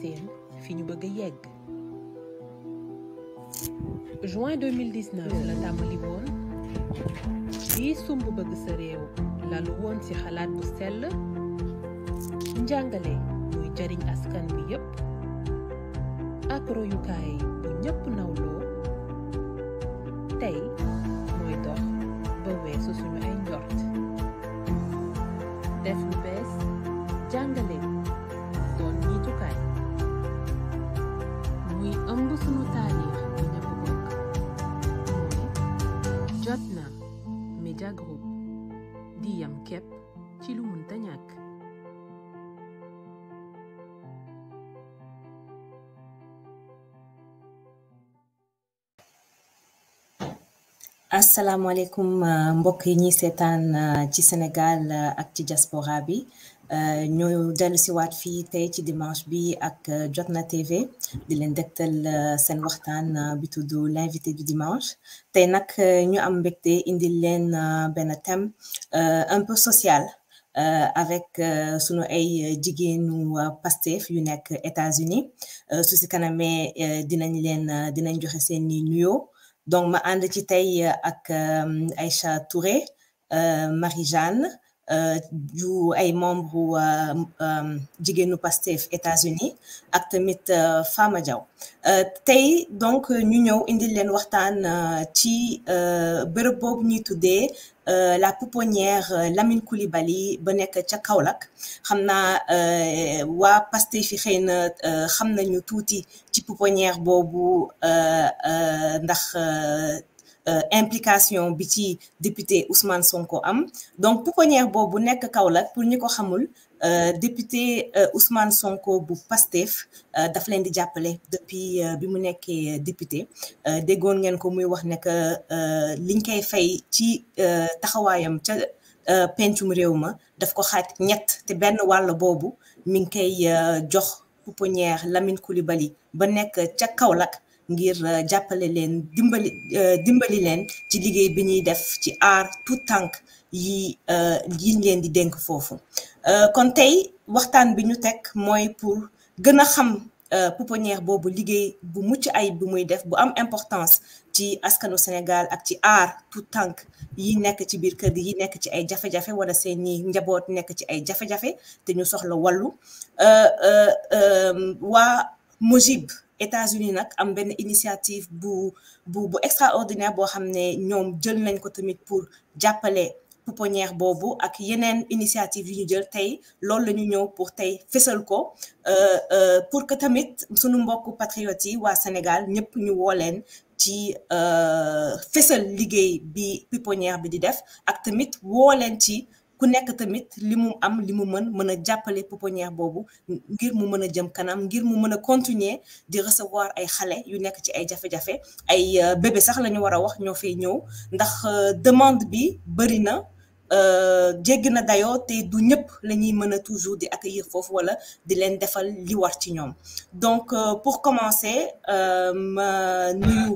seen ñu bëgg a yegg. juin 2019 la tàmbali woon lii sumb bëgg sa réew lalu woon ci xalaat bu sell njàngale muy jariñ askan bi yépp ak royukaay bu ñépp nawloo tey mooy dox ba weesu suñu ay njort def lu bees jàngale. démb sunu taarix bu ñëpp bokk mooy na ci lu mbokk yi seetaan uh, ci Sénégal uh, ak ci diaspora bi Euh, ñu dellusiwaat fii tey dimanche bi ak euh, Jotna TV di euh, l'invité du dimanche Nous ñu am thème un peu social avec sunu ay jigéenu Pastef yu nekk États-Unis su si kanamee dinañ leen dinañ joxe seen donc ma Aïcha Touré Marie-Jeanne euh, du ay membre euh, euh jigéenu Pastef États-Unis ak tamit euh, Fama Diaw tey donc ñu ñew indi len waxtaan ci euh bërëb boobu ñuy tuddee la pouponnière Lamine koulibaly ba nek ca Kaolack xamna euh wa Pastef fi xëy na xam nañu tuuti ci pouponnière euh ndax euh, implication bi ci député Ousmane Sonko am donc pouponnière bobu nek Kaolack pour ñiko ko xamul euh, député euh, Ousmane Sonko bu Pastef daf leen di jappelé depuis bi mu député dégon ngeen ko muy wax nek que liñ koy fay ci taxawayam ca pencum réew daf ko xat ñet té ben bobu mi ngi jox ba ngir euh, jàppale leen euh, dimbali leen ci liggéey bi ñuy def ci aar tout tànk yi euh, yiñ leen di dénk foofu kon tey waxtaan bi ñu tek mooy pour gën a xam pouponnière boobu liggéey bu mucc ay bi muy def bu am importance ci askanu Sénégal ak ci aar tout tànk yi nekk ci biir kër gi yi nekk ci ay jafe-jafe wala seeni njaboot nekk ci ay jafe-jafe te ñu soxla wallu waa Mojib États-Unis nak am initiative extraordinaire pour pour ak initiative yi ñu jël pour ko euh, euh, pour que tamit patriotes Sénégal ñëpp ñu de ci euh, fessel liggéey bi pouponnière bi di def ku nekk tamit li mu am li mu mën mën a jàppale pouponnière boobu ngir mu mën a jëm kanam ngir mu mën a continuer di recevoir ay xale yu nekk ci ay jafe-jafe ay euh, bébé sax la ñu war a wax ñoo fay ñëw ndax euh, demande bi bëri na Euh, jéggi na dayoo te du ñëpp lañuy mëna toujours di accueillir fofu wala di len defal li war ci ñom donc euh, pour commencer euh, ma nuyu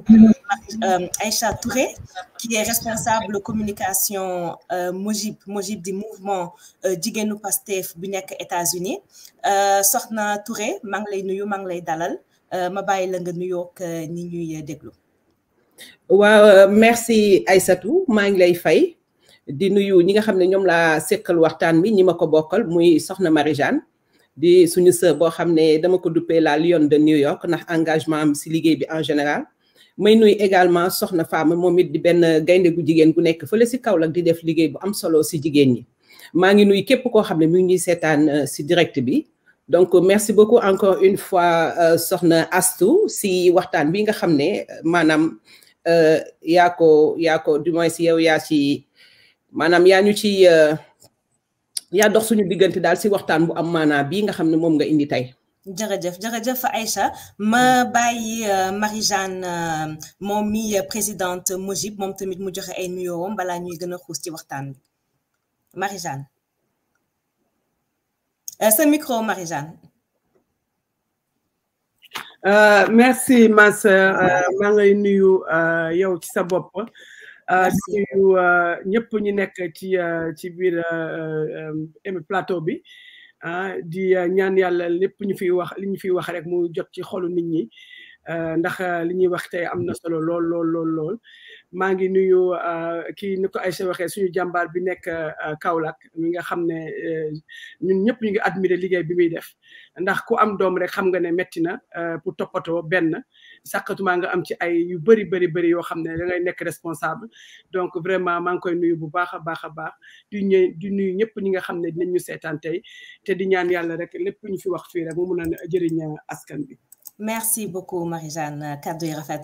Aïcha Touré qui est responsable communication Mojib Mojib du mouvement Djigenou Pastef bu nekk États-Unis soxna Touré ma ngi lay nuyu ma ngi lay dalal ma bàyyi la nga nuyoo ak ni ñuy déglu. wa merci Aïssatou ma ngi lay fay. di nuyu ñi nga xam ne ñoom laa sekkal waxtaan bi ñi ma ko bokkal muy soxna Marie-Jeanne di suñu sœur boo xam ne dama ko dupe la lionne de New York ndax engagement am si liggéey bi en général may nuyu également soxna Fama moom it di benn gaynde gu jigéen gu nekk fële si Kaolack di def liggéey bu am solo si jigéen ñi maa ngi nuyu képp koo xam ne mi ngi ñuy seetaan euh, si direct bi donc euh, merci beaucoup encore une fois euh, soxna astu si waxtaan bi nga xam ne maanaam yaa ko yaa ko du moins si yow yaa si maanaam yaa ñu ci euh, yaa dox suñu diggante daal si waxtaan bu am nga nga indi Aïcha ma bàyyi euh, Marie-Jeanne euh, moom mi présidente Mojib moom tamit mu joxe ay nuyoowam balaa ñuy Marie-Jeanne sa micro Marie-Jeanne merci ma sœur maa ngay nuyu yow ci sa Euh, nuyu euh, ñëpp ñu nekk ci euh, ci biir plateau bi ah, di ñaan yàlla lépp ñu fiy wax li ñu fiy wax rek mu jot ci xolu nit ñi ndax li ñuy wax tey am na solo lool lool lool lool maa ngi nuyu kii ni ko Aïcha waxee suñu jàmbaar bi nekk Kaolack mi nga xam ne ñun ñëpp ñu ngi admirer liggéey bi muy def ndax ku am doom rek xam nga ne metti na pour toppato benn sakatu ma nga am ci ay yu bari bari bari yo xamne da ngay nek responsable donc vraiment maa ngi koy nuyu bu baax a baax di ñë di nuyu ñepp ñi nga xamne dinañ ñu seetaan tay te di ñaan yalla rek lepp ñu fi wax fi rek mu mun a jëriñ askan bi merci beaucoup Marie-Jeanne kaddu yi rafet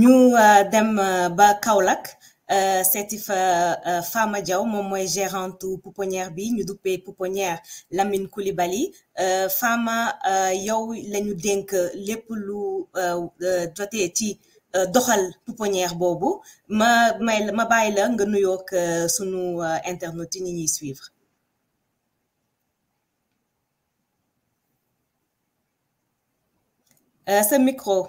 ñu euh, dem euh, ba Kaolack euh, cette euh, femme Diaw mom moy gérante pouponnière bi ñu la pouponnière Lamine euh, Fama yow la denk les lépp lu être ci doxal pouponnière bobu ma ma Bay la nga sunu internautes ni ñi suivre. ce micro.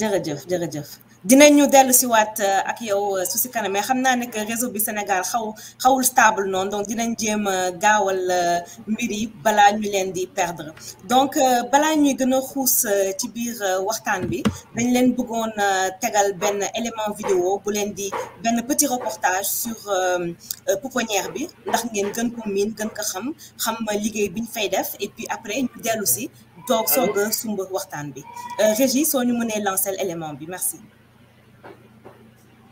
jërëjëf jërëjëf dinañu dellu si waat euh, ak yow euh, su si kanam mais xam naa ne que réseau bi Sénégal xaw xawul stable noonu donc dinañ jéem a gaawal euh, mbir yi ñu leen di perdre donc balaa ñuy gën a xuus ci biir waxtaan bi dañ leen bëggoon tegal benn élément vidéo bu leen di benn petit reportage sur pouponnière bi ndax ngeen gën ko miin gën ko xam xam liggéey bi ñu fay def et puis après ñu dellu toog soog a sumb waxtaan bi euh, Régis soo ñu mënee lancer l'élément bi merci.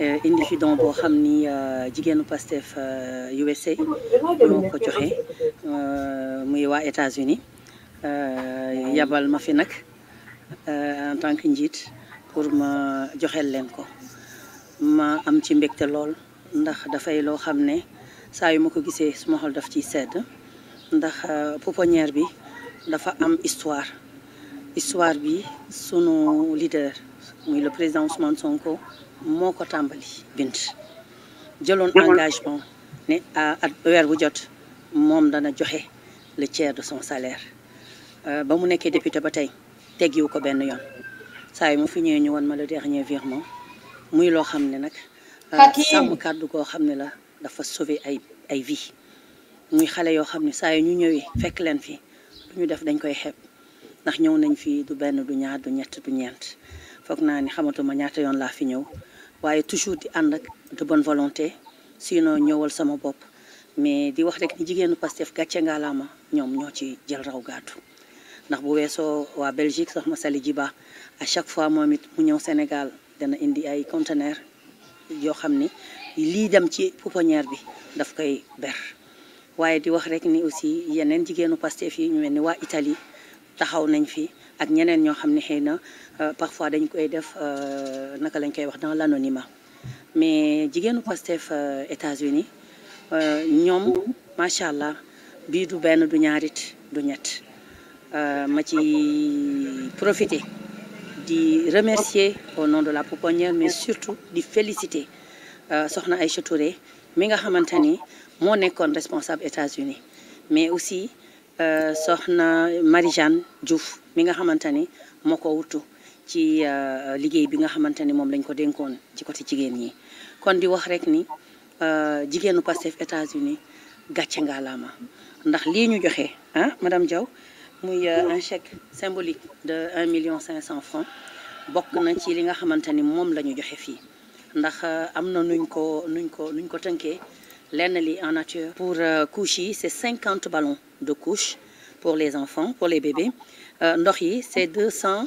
Euh, indi fi don boo xam ni euh, Pastef USA euh, ñoo ko joxe muy wa États-Unis euh yabal ma fi nag en tant que njit pour ma joxel len ko ma am ci mbégte lol ndax da fay lo ne saa yu ma ko suma xol daf ci sedd ndax pouponnière bi dafa am histoire histoire bi sunu leader muy le président Ousmane Sonko moko tambali bint, djelon engagement ne à bu jot dana le tiers de son salaire euh, ba mu député ñu le dernier virement muy lo xamné nak euh, sam mon xamné la dafa sauver ay ay vie muy ñu fekk fi ñu def dañ koy nañ du ben du ñaar du ñett du ñent ñaata fi waaye toujours di ànd ak de bonne volonté sinon ñëwal sama bopp mais di wax rekk ni jigéenu Pastef gàcce ngaalaama ñoom ñoo ci jël raw gàddu ndax bu weesoo waa Belgique sax ma sali jiba à chaque fois moom it mu ñëw Sénégal dana indi ay conteneur yoo xam ni lii dem ci pouponnière bi daf koy ber waaye di wax rek ni aussi yeneen jigéenu Pastef yi ñu wel ni waa Italie taxaw nañ fi ak ñeneen ñoo xam ne xëy na Euh, parfois dañ koy def euh, naka lañ koy wax dans l'anonymat mais jigéenu Pastef euh, États-Unis ñoom macha allah du ben du ñaarit du ñett ma ci profiter di remercier au nom de la pouponnière mais surtout di féliciter soxna Aïcha Touré mi nga xamante mo moo responsable États-Unis mais aussi soxna Marie-Jeanne Diouf mi nga xamante moko moo ci euh, liguey bi nga xamante mom lañ ko denkon ci côté jigéen ñi kon di wax rek ni euh jigéenu Pastef États-Unis gàcce lama ndax lii ñu joxe ah madame Diaw muy euh, un chèque symbolique de un million cinq francs bok na ci li nga xamante mom lañu joxé fi ndax euh, amna nuñ ko nuñ ko nuñ ko tënkee lenn li en nature pour couche c'est 50 ballons de couche pour les enfants pour les bébés ndox yi c'est 200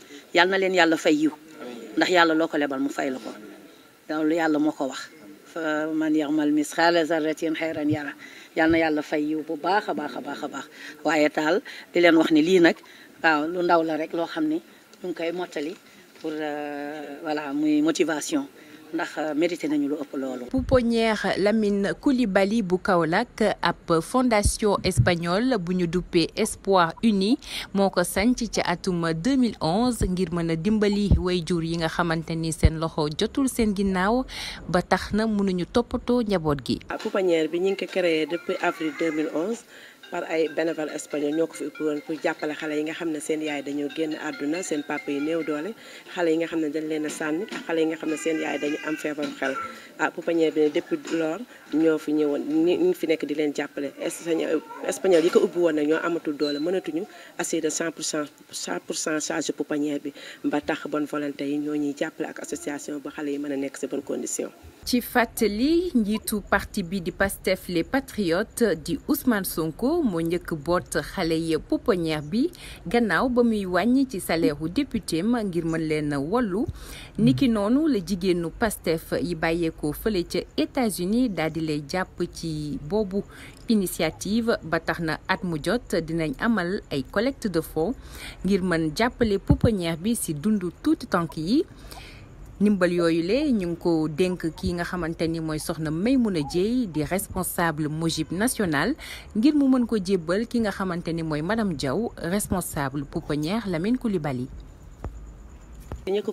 yal na leen yàlla fay yiw ndax yàlla loo ko lebal mu fay la ko loolu yàlla moo ko wax man yaxmal misqaala zarratin xayran yara yal na yàlla fay yiw bu baax a baax a baax a baax waaye taal di leen wax ni lii nag waaw lu ndaw la rek loo xam ni ñu ngi koy mottali pour voilà muy motivation ndax euh, mérité nañu lu ëpp loolu. pouponnière Lamine Coulibaly bu Kaolack ab fondation espagnole bu ñu Espoir Uni Moko ko ci atum 2011 ngir mën a dimbali wayjur yi nga xamante ni seen loxo jotul seen ginnaaw ba tax na mënuñu toppatoo njaboot gi. pouponnière bi ñu ko créé depuis avril 2011. par ay bénévole espagnol ñoo ko fi ëpp woon pour jàppale xale yi nga xam ne seen yaay dañoo génn àdduna seen papa yi néew doole xale yi nga xam ne dañ leen a sànni xale yi nga xam ne seen yaay dañu am feebaru xel ah pouponnière bi ne depuis lors ñoo fi ñëwoon ñi fi nekk di leen jàppale espagnol yi ko ubbi woon na ñoo amatul doole mënatuñu assurer 100 pour cent 100 pour cent charge bi ba tax bon volonté yi ñoo ñuy jàppale ak association ba xale yi mën a nekk si bonne condition ci fàttali njiitu parti bi di Pastef les Patriotes di Ousmane Sonko moo njëkk boot xale yi pouponnière bi gannaaw ba muy wàññi ci salaire u ma ngir mën leen wollu niki noonu la jigéenu Pastef yi bàyyeekoo fële ca États-Unis daal lay jàpp ci boobu initiative ba tax na at mu jot dinañ amal ay collecte de fonds ngir mën jàppale pouponnière bi ci dundu tuuti tànk yi nimbal yooyu le ñu ko dénk kii nga xamante responsable Mojib national ngir mu mën ko jébbal ki nga madame Diaw responsable Lamine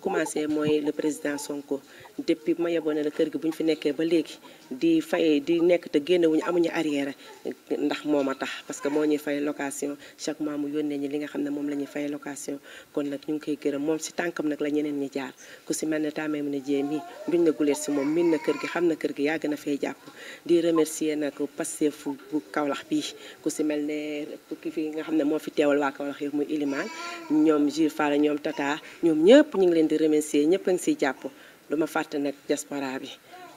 commencé le président Sonko depuis la kër di fayee di nekk te génne wuñu amuñu arrière ndax moo ma tax parce que moo ñuy fay location chaque mois mu yónnee ñi li nga xam ne moom la ñuy fay location kon nag ñu ngi koy gërëm moom si tànkam nag la ñeneen ñi jaar ku si mel ne taamee mu ne jéem mi duñ na guleet si moom min na kër gi xam na kër gi yàgg na fee jàpp di remercier nag Pastef bu Kaolack bii ku si mel ne ki fi nga xam ne moo fi teewal waa Kaolack yëpp muy Ilimane ñoom jur Fall ñoom Tata ñoom ñëpp ñu ngi leen di remercier ñëpp a ngi siy jàpp du ma fàtte nag diaspora bi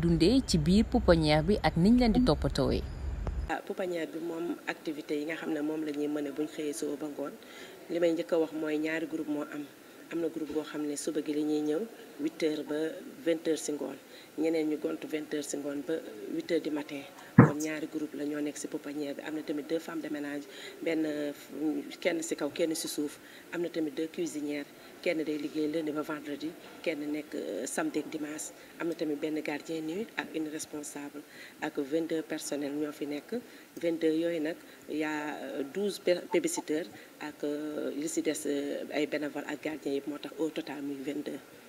dundee ci biir pouponnière bi ak niñ leen di toppatoowee. waaw ah, pouponnière bi moom activité yi nga xam ne moom la ñuy mën a buñ xëyee suba ba ngoon li may njëkk a wax mooy ñaari groupe moo am am na groupe boo xam ne suba gi li ñuy ñëw 8 ba 20h si ngoon ñeneen ñu gont 20h si ngoon ba 8h du matin. kon ñaari groupe la ñoo nekk ci pouponnière bi am na tamit de femme de ménage benn kenn ci kaw kenn ci suuf am na tamit deux cuisinières kenn day liggéey lundi ba vendredi kenn nekk euh, samedi dimance am na tamit benn gardien nuit ak une responsable ak vingt 22 personnels ñoo fi nekk 22 yooyu nag yaa 12 euh, publicitaires ak li euh, si des ay bénévoles ak gardiens yëpp moo tax au total muy 22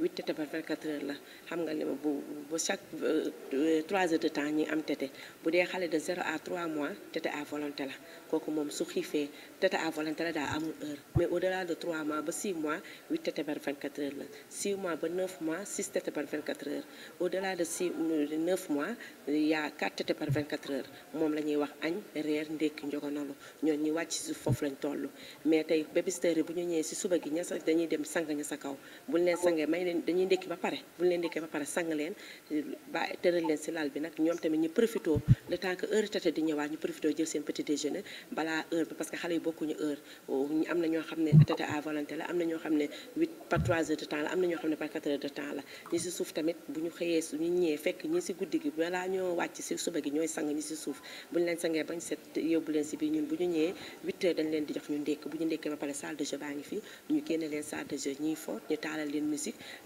8 tété par 24 heures la xam nga ne bu bu chaque 3 euh, heures de temps ñi am tété bu dé xalé de 0 à 3 mois tété à volonté la koku mom su xifé tété à volonté da am heure mais au delà de 3 mois ba 6 mois 8 tété par 24 heures la 6 mois ba 9 mois 6 tété par 24 heures au delà de 6 9 mois il y a 4 tété par 24 heures mom lañuy wax agn rer ndek ñogonolu ñoon ñi wacc ci fofu lañ tollu mais tay bébisteur bu ñu ñëw ci suba gi ñasa dañuy dem sang ñasa kaw bu ne sangé may dañuy leen dañuy ndékki ba pare bu ñu leen ndékkee ba pare sang leen ba tëral leen si lal bi nag ñoom tamit ñu profité le temps ñu profité jël seen petit déjeuner balaa heure bi parce que xale yi bokkuñu heure am na ñoo xam ne tata à volonté la ne 8 par 3 ne par 4 ñi si suuf tamit bu ñu xëyee suñu ñëwee fekk ñi si guddi gi balaa ñoo wàcc si suba gi ñooy sang ñi si suuf bu ñu leen sangee bañ set yóbbu leen si biir ñun bu ñu ñee 8 dañ leen di jox ñu ndékk bu ñu ndékkee ba pare salle de jeu baa ngi fii ñu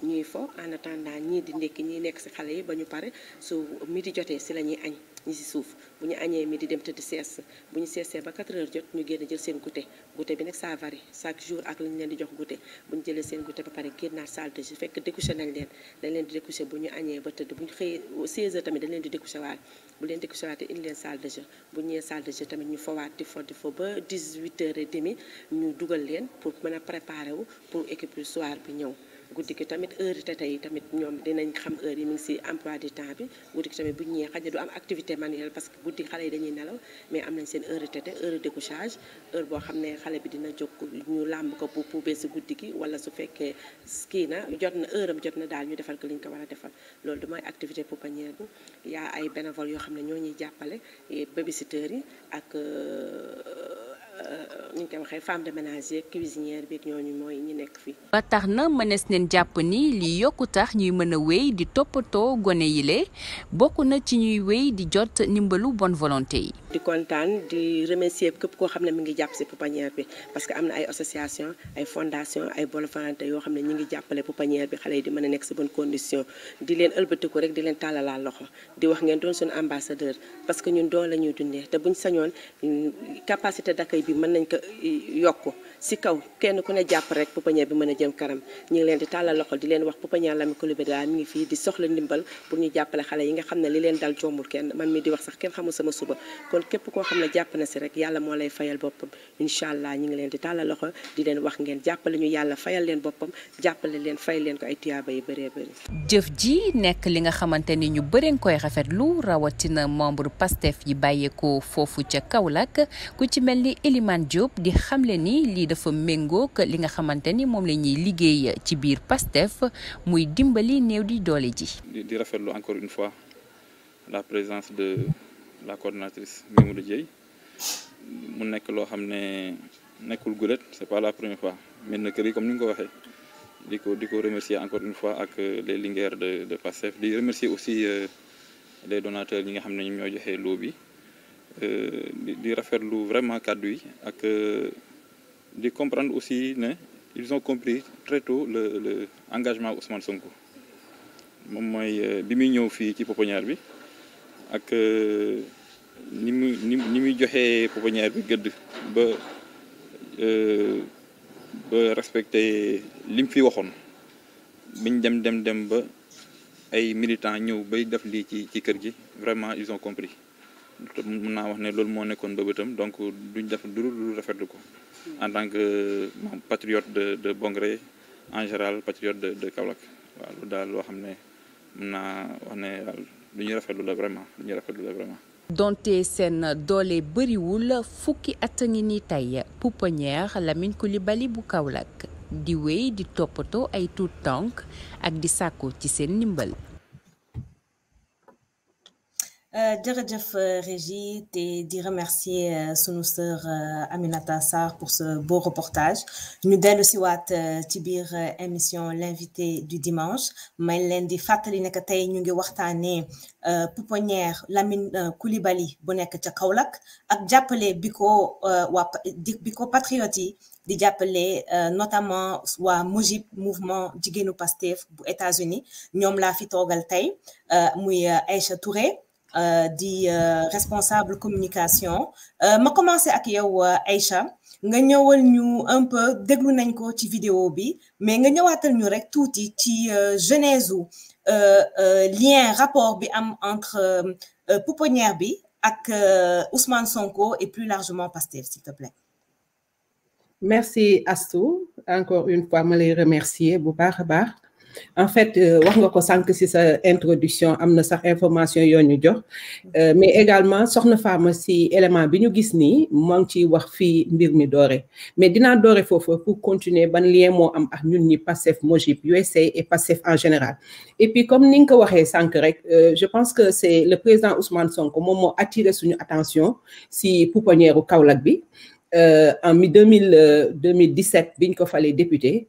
ñuy fo en attendant ñii di ndékki ñi nekk ci xalé yi bañu paré pare su midi jotee si lañuy ñuy añ ñi ci souf buñu ñu midi dem tëdd sees bu ñu seesee ba 4 h jot ñu génn jël seen goûter goûter bi nag ça varie chaque jour ak lañ leen di jox goûter buñu ñu seen goûter ba pare génnaat salle de jeu fekk découché nañ leen dañ leen di découché buñu ñu ba tëdd buñu ñu 16 h tamit dañ leen di découché waale bu leen découché waatee indi leen salle de jeu bu ñëwee salle de jeu tamit ñu fowaat di fo di fo ba 18 h et demi ñu duggal leen pour mën préparer wu pour équipe du soir bi ñëw guddi ki tamit heure te tey tamit ñoom dinañ xam heure yi mi ngi si emploi du temps bi guddi gi tamit bu ñu ñëwee xaj na du am activité manuelle parce que guddi xale yi dañuy nelaw mais am nañ seen heure tete heure découchage heure boo xam ne xale bi dina jóg ñu làmb ko bu puubee si guddi ki wala su fekkee kii na jot na heure am jot na daal ñu defal ko liñ ko war a defal loolu du mooy activité pouponnière bi yaa ay bénévole yoo xam ne ñoo ñuy jàppale babysitter yi ak euh, Euh, ñu koy waxee femme de ménage yeeg cuisinière beeg ñooñu mooy ñi nekk fii. ba tax na mënees neen jàpp ni li yokku tax ñuy mën a wéy di toppatoo gone le bokk na ci ñuy wéy di jot ndimbalu bon volonté yi. di kontaan di remercier képp koo xam ne mu ngi jàpp si pouponnière bi parce que am na ay association ay fondation ay bonne volonté yoo xam ne ñu ngi jàppale pouponnière bi xale yi di mën a nekk si bonne condition di leen ëlbatiku rek di leen tàllalaal loxo di wax ngeen doon suñu ambassadeur parce que ñun doon bi mën nañ ko eh, yokk si kaw kenn ku ne japp rek pouponnière bi meuna jëm karam ñi ngi leen di talal loxo di leen wax pouponnière lami Coulibaly daal mi ngi fi di soxla ndimbal pour ñu jappalé xalé yi nga xamné li leen dal jomul kenn man mi di wax sax kenn xamu sama suba kon képp ko xamné japp na ci rek yalla mo lay fayal bopam inshallah ñi ngi leen di talal loxo di leen wax ngeen jappalé ñu yalla fayal leen bopam jappalé leen fay leen ko ay tiyaba yi béré béré jëf ji nek li nga xamanté ni ñu rawatina membre pastef yi fofu ci kaw lak ku ci melni Eliman di xamlé ni li dafa mengo ak li nga xamanteni mom moom la ñuy liggéey ci biir PASTEF muy dimbali néew di doole ji. di rafetlu encore une fois la présence de la coordinatrice Mamadou Dieye mu nek lo xamné ne gulet c'est pas la première fois mais na ri comme ni nga waxé diko diko remercier encore une fois ak les lingères de de Pastef di remercier aussi euh, les donateurs yi nga xamné ñoo joxé loo bi euh, di di rafetlu vraiment cadeau yi ak. Euh, de comprendre aussi qu'ils ont compris très tôt l'engagement le, le Ousmane Sonko moom mooy euh, bi muy ñëw fii ci pouponnière bi ak euh, ni mu ni ni muy joxee pouponnière bi gëdd ba euh, ba respecté li mu fi waxoon biñ dem dem dem ba ay militants ñëw bay def lii ci ci kër gi vraiment ils ont compris mën naa wax ne loolu moo nekkoon bëbëtam donc duñ def du lu rafetlu ko en tant que patriote de de Bongré en général patriote de de Kaolack waaw lu daal loo xam ne mën naa wax ne daal lu ñuy rafetlu la vraiment lu ñuy rafetlu la vraiment. donte seen doole bëriwul fukki at a ngi ni tey pouponnière Lamine Coulibaly bu Kaolack di wéy di toppatoo ay tuut tànk ak di sàkku ci seen ndimbal. Djeredjef Régit, et di remercier euh, sunu sœur euh, Aminata Sarr pour ce beau reportage Nous donnons aussi waat euh, ci biir émission l'invité du dimanche Mais lundi di fàttali ne tey ñu ngi euh pouponnière Lamine Koulibaly, bu nekk ca Kaolack ak jàppale bi ko waa bi di notamment waa MOJIP mouvement jigéenu Pastef bu États-Unis ñoom laa fi toogal euh muy Aïcha Touré euh, di euh, responsable communication vais euh, commencer avec Aisha. Aïcha nga ñëwul ñu un peu déglu nañ ko ci vidéo bi mais nga ñëwaatal ñu rek tuuti ci genèse euh lien rapport bi entre pouponnière bi ak Ousmane Sonko et plus largement Pasteur, s'il te plaît. merci Astou encore une fois me les remercier bu en fait euh, wax nga ko sank ci sa introduction amna sax information yo ñu jox euh, mais également soxna Fama si élément bi ñu gis ni mo ngi wax fi mbir mi doore mais dina doore fofu pour continuer ban lien mo am ak ñun ñi passef Mojib USA et passef en général et puis comme ning ko waxé sank rek euh, je pense que c'est le président Ousmane Sonko moom moo attiré suñu attention si pouponnière u Kaolack bi en mi 2000 2017 biñ ko falé député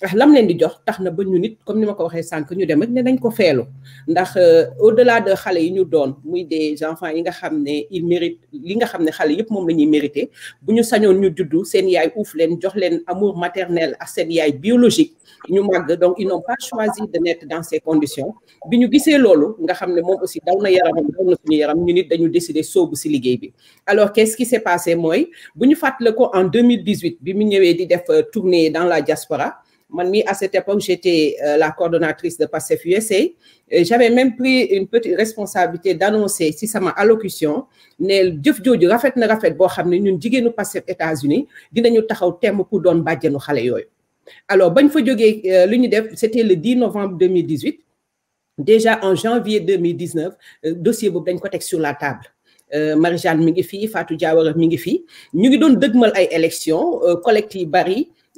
ndax lam leen di jox tax na ba ñu nit comme ni ma ko waxee sànq ñu dem rek ne nañ ko feelu ndax euh, au delà de xale yi ñu doon muy des enfants yi nga xam ne il mérite li nga xam ne xale yëpp moom la ñuy mérité bu ñu sañoon ñu juddu seen yaay uuf leen jox leen amour maternel ak seen yaay biologique ñu màgg donc ils n'ont pas choisi de naître dans ces conditions bi ñu gisee loolu nga xam ne moom aussi daw na yaramam daw na suñu yaram ñu nit dañu décider soobu si liggéey bi alors qu'est-ce qui s'est passé mooy bu ñu fàttale ko en 2018 bi mu ñëwee di def euh, tournée dans la diaspora à cette époque, j'étais euh, la coordonnatrice de PASSEF USA. J'avais même pris une petite responsabilité d'annoncer, si ça m'a allocution, le jëf jooju rafet ne rafet boo xam ne ñun jigéenu aux États-Unis dinañu taxaw temm pour doon bàjjenu xale yooyu. alors bañ fa jógee euh, lu ñu c'était le 10 novembre 2018 déjà en janvier 2019 euh, dossier est sur la table. Marie-Jeanne Mingifi, Fatou Diawara Mingifi, nous avons ñu ngi élection dëgmal ay élections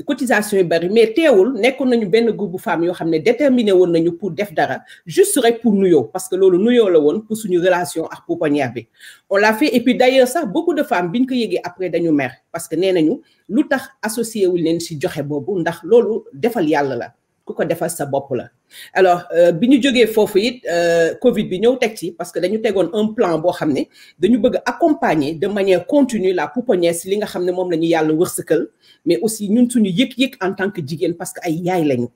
cotisation yu bari mais teewul nekkoon nañu benn groupe femme yoo xam ne déterminé woon nañu pour def dara juste rek pour nuyoo parce que loolu nuyoo la woon pour suñu relation ak pouponnière bi. on l'a fait et puis d'ailleurs ça, beaucoup de femmes biñ ko yëgee après dañu mer parce que nee nañu lu tax associé wuñ leen ci joxe boobu ndax loolu defal yàlla la ku defal sa bop la alors euh, biñu ñu fofu foofu it euh, Covid bi ñëw tek ci parce que dañu tegoon un plan bo xamné dañu bëgg accompagner de manière continue la pouponnière si li nga xamné mom lañu yalla ñu mais aussi ñun suñu yek yek en tant que jigéen parce que ay yaay lañu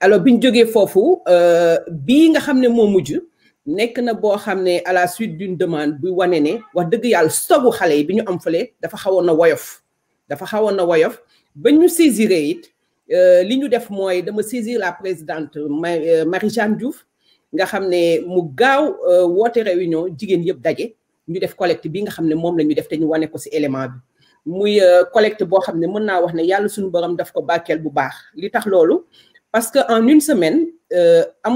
alors biñu ñu fofu foofu euh, bii nga xamné ne muju nek na bo xamné à la suite d'une demande bu wané né wax dëgg yalla sogu xalé biñu am fële dafa xawon na woyof dafa xawon na woyof bañu saisiré it nous euh, ñu def moy saisir la présidente euh, Marie-Jeanne Diouf nga xamné mu euh, réunion jigen ñu def collecte bi nga def ñu ko élément bi collecte parce que en une semaine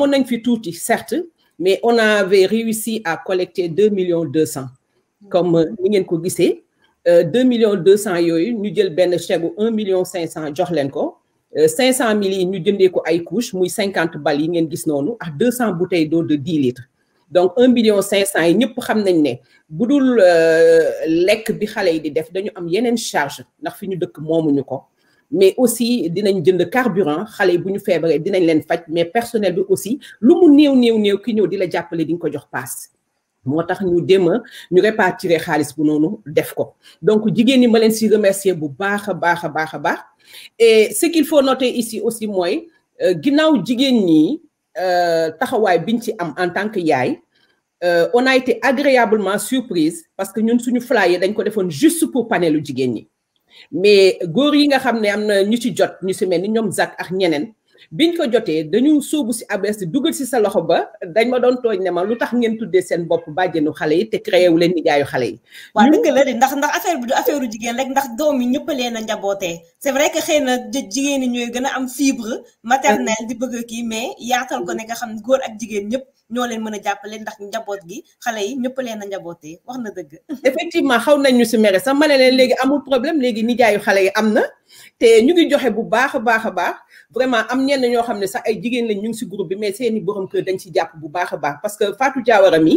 nañ fi certes mais on avait réussi à collecter 2 millions comme ni ko millions ñu million 500 euh, ml ñu jëndé ko ay couche muy 50 balles yi ngeen gis nonu ak 200 bouteilles d'eau de 10 litres donc 1 million 500 ñepp xam nañ né budul euh, lek bi xalé yi di def dañu am yenen charge ndax fi ñu dëkk momuñu ko mais aussi dinañ jënd carburant xalé buñu février dinañ leen faj mais personnel bi aussi lu mu néw néw néw ki ñew la jappalé diñ ko jox passe motax ñu déma a ñu répartir xaalis bu noonu def ko donc jigéen ñi ma leen si remercier bu baax a baax baax et ce qu'il faut noter ici aussi mooy euh, ginnaaw jigéen ñi euh, taxawaay biñ ci am en tant que yaay euh, on a été agréablement surprise parce que ñun suñu flyer dañ ko defoon juste pour panelu jigéen mais góor yi nga xam ne am na ñu ci jot ñu si mel ni Zak ak bi biñ ko jotee dañu sóobu si ABS dugal si sa loxo ba dañ ma doon tooñ ne ma lu tax ngeen tuddee seen bopp bàjjenu xale yi te créé wu leen nijaayu xale yi. waaw dëgg la de ndax ndax affaire bi du affaire jigéen rek ndax doom yi ñëpp leen a njabootee c'est vrai que xëy na jigéen ñi ñooy gën a am fibre maternelle di bëgg kii mais yaatal ko ne nga xam góor ak jigéen ñëpp. ñoo leen mën a jàppale ndax njaboot gi xale yi ñëpp leen a yi wax na dëgg effectivement xaw nañ ñu si mere sax ma leen léegi amul problème léegi nijaayu xale yi am na te ñu ngi joxe bu baax a baax a baax vraiment am ñenn ñoo xam ne sax ay jigéen lañ ñu ngi si groupe bi mais seeni borom kër dañ ci jàpp bu baax a baax parce que Fatou Diawara mi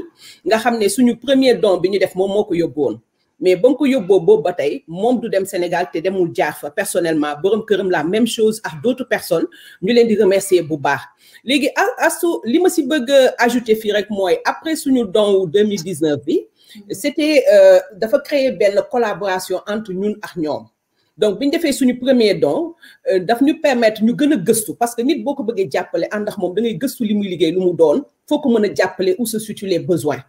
nga xam ne suñu premier don bi ñu def moom moo ko yóbbu woon mais bon nga ko yóbboo boobu du dem Sénégal te demul jaar personnellement borom këram la même chose à d'autres personnes nous leen di remercier bu baax. léegi asu ah, ah, li ma si bëgg a ajouter fi rek moy après suñu don 2019 mm-hmm. c'était de euh, créer dafa créer belle collaboration entre ñun ak ñom donc biñ ñu suñu premier don euh, daf ñu permettre ñu gëna gëstu parce que nit boko bëggé jappalé andax mom da ngay gëstu li muy liggéey lu mu doon foo ko mën a où se situent les besoins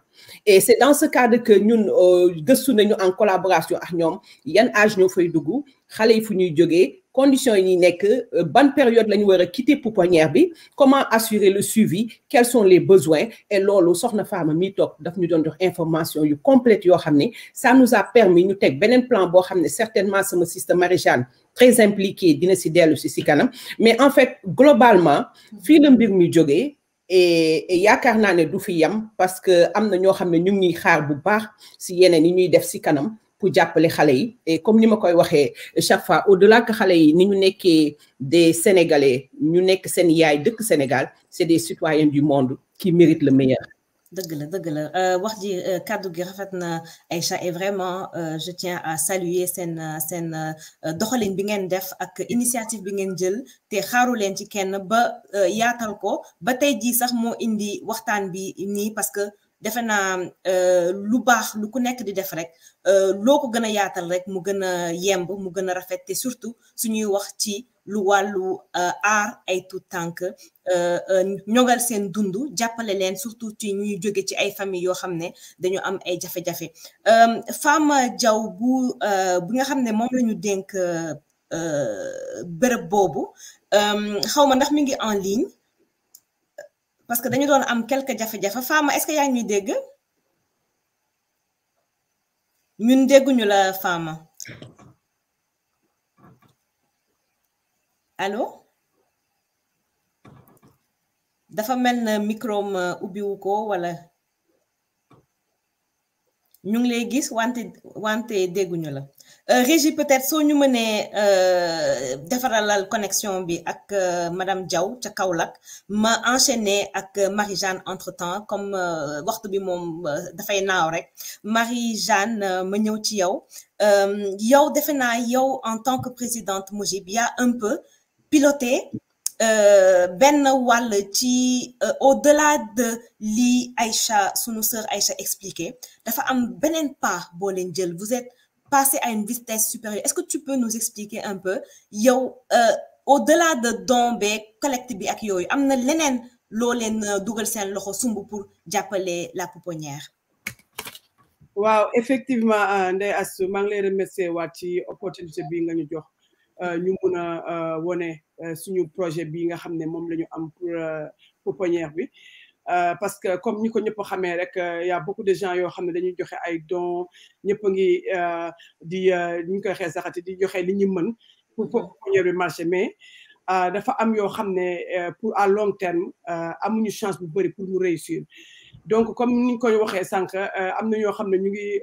et c'est dans ce cadre que ñun euh, gëstu nañu en collaboration ak ñom yan âge ñoo fay dugg xalé yi fu ñuy joggé conditions yi ñuy nekk euh, ban période la ñu a quitter pouponnière bi comment assurer le suivi quels sont les besoins et loolu soxna femme mi tok daf ñu don jox information yu complète yo xamné ça nous a permis ñu tek un plan bo xamné certainement sama sister Marie-Jeanne très impliqué, dina si dellu si kanam mais en fait globalement fi le mbir mi jógee et Yakarna naa du fi yam parce que amna ño xamné ñu ngi xaar bu baax si yeneen ñuy def ci kanam pour jàppale xale yi et comme ni ma koy waxé chaque fois au delà que xale yi ni nekké des sénégalais ñu nekk sen yaay dëkk Sénégal c'est des citoyens du monde qui méritent le meilleur. deug la deug la euh, wax di euh, kàddu gi rafet Aïcha et vraiment euh, je tiens à saluer sen sen doxalin bi ngeen def ak initiative bi ngeen jël té xaru len ci kenn ba yaatal ko ba tay jii sax mo indi waxtaan bi ni parce que. defe naa euh, lu baax lu ku nekk di def rek euh, loo ko gën a yaatal rek mu gën a yemb mu gën a rafet te surtout ñuy wax ci lu wàllu euh, aar ay tout tànk ñogal seen dund jàppale leen surtout ci ñuy jóge ci ay famille yoo xam ne dañu am ay jafe-jafe Fama Diaw bu nga xam ne moom la ñu dénk bërëb boobu xaw ma ndax mi ngi en ligne parce que dañu doon am quelque jafe-jafe femme est-ce que yaa ngi ñuy dégg ñun dégguñu la femme allo dafa mel na micro ma euh, ubbiwu ko wala ñu ngi lay gis wante wante dégguñu la euh, Régie peut-être soo ñu euh, la connexion bi ak euh, madame Diaw ca Kaolack ma enchaîner ak Marie-Jeanne entre-temps comme euh, waxtu bi moom dafay rek Marie-Jeanne ma ñëw ci yow yow yow en tant que présidente Mougib yaa un peu piloté Ben wàll ci au-delà de li Aïcha son sœur Aïcha expliqué dafa am beneen pas jël vous êtes passer à une vitesse supérieure est-ce que tu peux nous expliquer un peu yow euh, au-delà de don collecte bi ak yooyu l'olen na leneen loo euh, pour d'appeler la pouponnière Wow, effectivement andé euh, Astou maa ngi lay remercier waat opportunité bi nga ñu jox ñu a wone suñu projet bi nga xam ne moom la ñu am pour pouponnière bi euh, parce que comme ni ko ñëpp xamee rek euh, y a beaucoup de gens yoo xam ne dañuy joxe ay dons ñëpp a ngi euh, di ñu koy xee saxati di joxe li ñu mën pour pouponnière marché mais dafa am yo xamné pour à long terme amuñu chance bu bari pour mu réussir donc comme ni ñu koy waxé sank amna na ñoo xam ñu ngi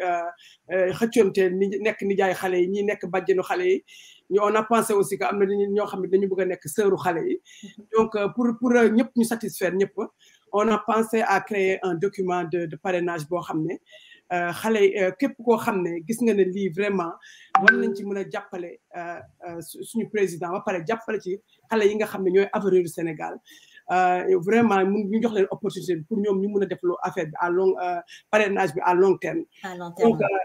xëccoonte ni nekk nijaay xale yi ñi nek bàjjenu xalé yi ñu on a pensé aussi que amna na ñoo xamné dañu bëgg nek nekk xalé yi mm-hmm. donc pour pour ñëpp ñu satisfaire ñëpp on a pensé à créer un document de de parrainage bo xamné euh xalé euh, képp ko xamné gis nga né li vraiment war nañ ci mën a euh, euh suñu président ba paré jappalé ci xalé yi nga xamné ñoy avenir du Sénégal euh vraiment ñu jox leen opportunité pour ñom ñu mëna def lo affaire à long euh parrainage bi à long terme à long donc euh,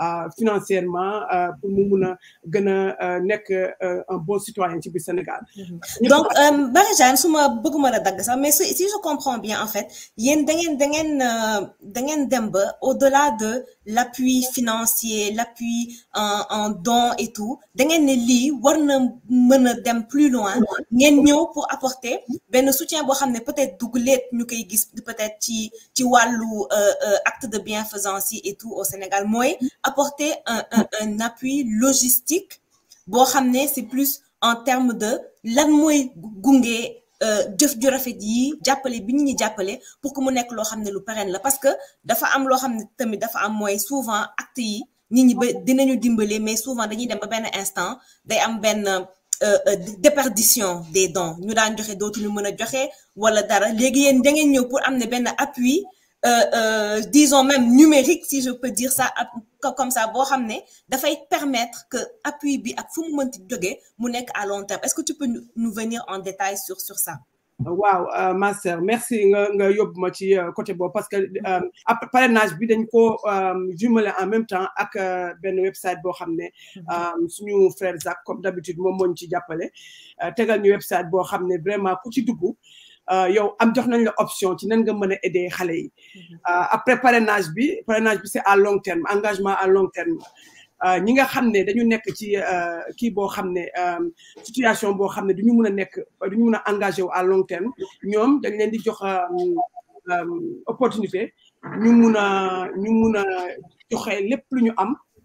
Euh, financièrement euh, pour nous mun a euh, nek un bon citoyen du Sénégal. Mhm. donc Marie Jeanne beaucoup ma bëgguma la mais si je comprends bien en fait il da a da ngeen au delà de l'appui financier l'appui en en dons et tout da ne lii war plus loin. ngeen ñëw pour apporter le soutien bo xamné peut-être douglet gis peut-être ci ci walu acte de bienfaisance et tout au Sénégal moy apporter un, un, un appui logistique bon ramener c'est plus en termes de lan gungé euh, du ju rafet yi jàppale bi pour que mon nek lo xam ne lu pérenne la parce que dafa am lo xam ne dafa am souvent acte yi ni ñi ba dinañu dimbalé mais souvent dañuy dem ba ben instant day am euh, euh déperdition des dons ñu daan joxé dootuñu mën a joxé wala dara légui yeen da ngeen ñëw pour am ben appui euh, euh, disons même numérique si je peux dire ça comme ça boo ramener ne permettre que appui bi ak fu mu mënti jógee mu à long terme est-ce que tu peux nous venir en détail sur sur ça waaw euh, ma sœur merci nga nga yóbbu ma ci euh, côté boobu parce que parrainage bi dañ ko jumelé en même temps ak benn website boo xam ne mm-hmm. suñu frère Zak comme d'habitude moom moo ñu ci jàppale tegal ñu website boo xam vraiment ku ci euh, yow am jox nañ la option ci nan nga mën a aider xale yi mhm. euh, après parrainage bi parrainage bi c'est à long terme engagement à long terme euh, ñi nga xam ne dañu nekk ci kii boo xam ne situation boo xam ne duñu mën a nekk duñu mën a engagé wu à long terme ñoom dañ leen di jox opportunité ñu mun a ñu mun a joxe lépp lu ñu am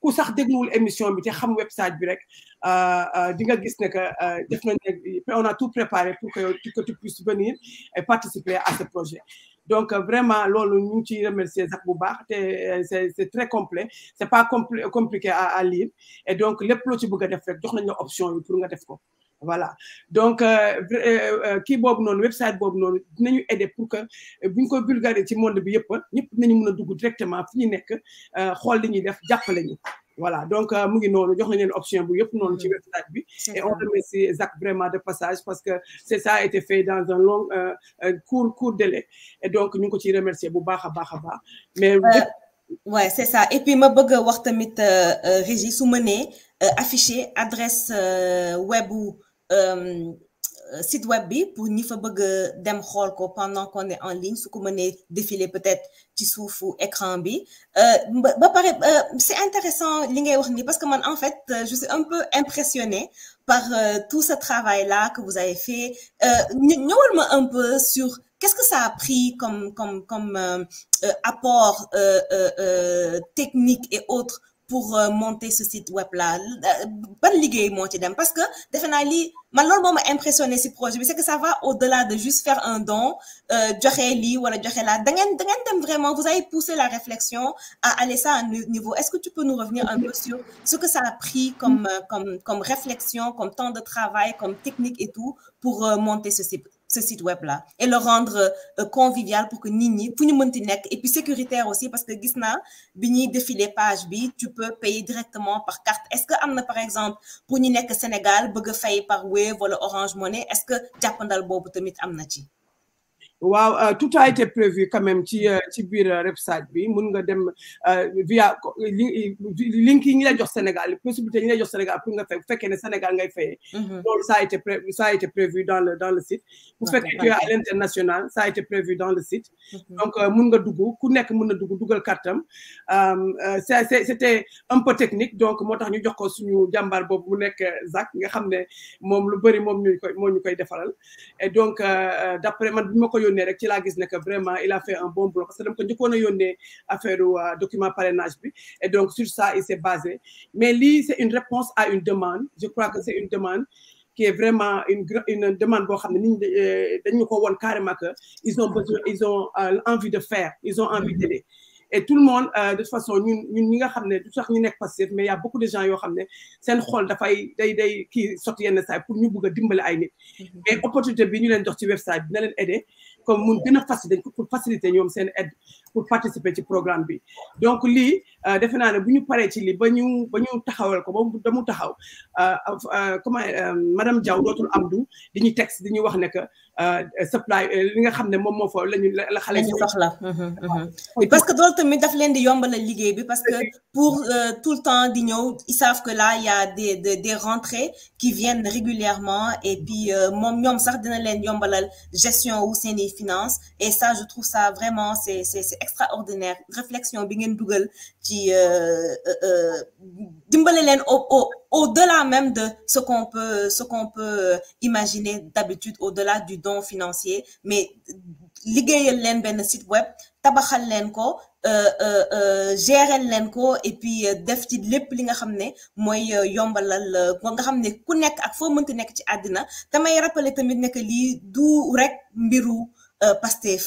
ku sax dégluwul émission bi te xam website bi rek euh, euh, di nga gis ne que euh, def nañ on a tout préparé pour que que tu puisses venir et participer à ce projet donc vraiment loolu ñu ci remercier sax bu baax te c'est c'est très complet c'est pas compliqué à lire et donc lépp lu ci bëgg def rek jox nañ la option yi pour nga def ko voilà donc euh, euh, euh, kii boobu non website boobu non dinañu aider pour que buñ ko vulgariser ci monde bi yépp ñepp dinañu mëna dugg directement fi ñu nekk xol li ñuy def jappalé ñu voilà donc mu ngi noonu jox nañu leen option bu yépp non ci mm. website bi et on remercie Zach vraiment de passage parce que c'est ça a été fait dans un long court court délai et donc ñu ko ci remercier bu baaxa baaxa baax mais ouais c'est ça et puis ma bëgg a wax tamit Régis su ma afficher adresse ou euh, euh, site web pour ni fa pendant qu'on est en ligne sous ko défiler peut-être ci ou écran bi euh, c'est intéressant parce que en fait je suis un peu impressionnée par tout ce travail là que vous avez fait ñëwal un peu sur qu'est-ce que ça a pris comme comme comme apport technique et autres pour euh, monter ce site web là pas euh, ligue, parce que définitivement, malheureusement ma impressionné ce projet mais c'est que ça va au-delà de juste faire un don Djokéli, euh, ou wala vraiment vous avez poussé la réflexion à aller ça à un niveau est-ce que tu peux nous revenir un peu sur ce que ça a pris comme comme comme réflexion comme temps de travail comme technique et tout pour monter ce site ce site web là et le rendre euh, convivial pour que Nini, pour nous ñu et puis sécuritaire aussi parce que gisna bini défilé défiler page bi tu peux payer directement par carte est-ce que amna par exemple pour ñu nek Sénégal beug par Wave ou Orange Money est-ce que jàppandal bobu tamit amna na ci waaw euh, tout a été prévu quand même ci euh, ci biir website euh, bi mun nga dem via link yi ñu la jox Sénégal possibilité ñu la jox Sénégal pour nga fay bu fekkee ne Sénégal ngay fayee mhm. loolu ça a été prévu ça a été prévu dans le dans le site bu fekkee tu es à l'international ça a été prévu dans le site mhm. donc mun nga dugg ku nekk mun na dugg dugal kartam c'est c'était un peu technique donc moo tax ñu jox ko suñu jàmbaar boobu mu nekk Zak nga xam ne moom lu bëri moom ñu koy moo ñu koy defaral et donc d'après man bi ma ko vraiment il a fait un bon boulot parce que ko a affaire euh, document parrainage et donc sur ça il s'est basé mais c'est une réponse à une demande je crois que c'est une demande qui est vraiment une, une demande euh, ils ont besoin, ils ont euh, envie de faire, ils ont envie d'aller. Et tout le monde, de toute façon, nous, nous, passifs, mais il y a beaucoup de gens qui ont fay C'est qui qui yenn pour pour nous, mm-hmm. Mais nit nous, comme mun gën a faciliter dañ ko pour faciliter ñoom aide pour participer au programme bi donc li euh, defe naa ne bu ñu ci li bañu bañu taxawal ko ba damu taxaw euh, euh, comment madame Diaw dotul am diñu texte diñu wax ne que supply li nga xamné mom mo fo lañu la xalé ñu soxla mhm, mhm. parce que loolu tamit daf leen di yombal liggéey bi parce que pour tout le temps di ñëw ils savent que là il y a des des des rentrées qui viennent régulièrement et puis mom ñom sax dina leen yombalal gestion wu seeni finances et ça je trouve ça vraiment c'est c'est extraordinaire réflexion bi ngeen dugal ci euh, euh, euh, dimbale leen au au au delà même de ce qu'on peut ce qu'on peut imaginer d'habitude au delà du don financier mais liggéeyal leen benn site web tabaxal leen ko gérel leen ko et puis def ci lépp li nga xam ne mooy yombalal nga xam ne ku nekk ak foo mënti nekk ci àddina damay rappelé tamit ne que lii du rek mbiru Pastef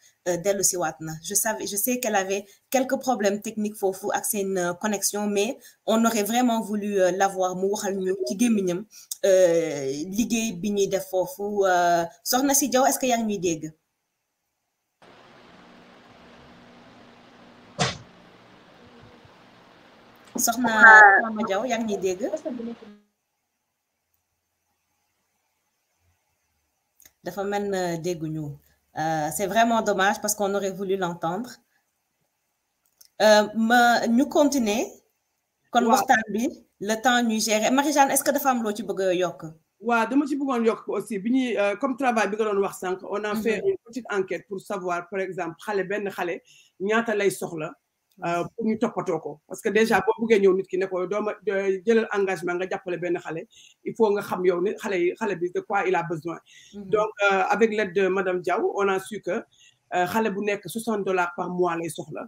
euh, dellu si je savais je sais qu'elle avait quelques problèmes techniques foofu ak seen euh, connexion mais on aurait vraiment voulu euh, l'avoir mu waxal ñu ci gémmiñam euh, liggéey bi ñuy def foofu soxna si est-ce que y a ñuy dégg soxna Fama ah. Diaw yaa ngi ñuy dégg dafa mel dégguñu euh, c'est vraiment dommage parce qu'on aurait voulu l'entendre. Nous euh, continuons, continuer. le temps nous gère. Marie-Jeanne est-ce que dafa am loo ci Oui, dama ci aussi euh, comme travail on a mhm. fait une petite enquête pour savoir par exemple xale Ben xale ñaata lay soxla. Euh, pour ñu toppatoo ko parce que déjà boo buggee ñëw nit ki ne ko dooma jëlal engagement nga jàppale benn xale il faut nga xam yow ne xale yi xale bi de quoi il a besoin mm-hmm. donc euh, avec l'aide de madame Diaw on a su que euh, xale bu nekk 60 dollars par mois lay soxla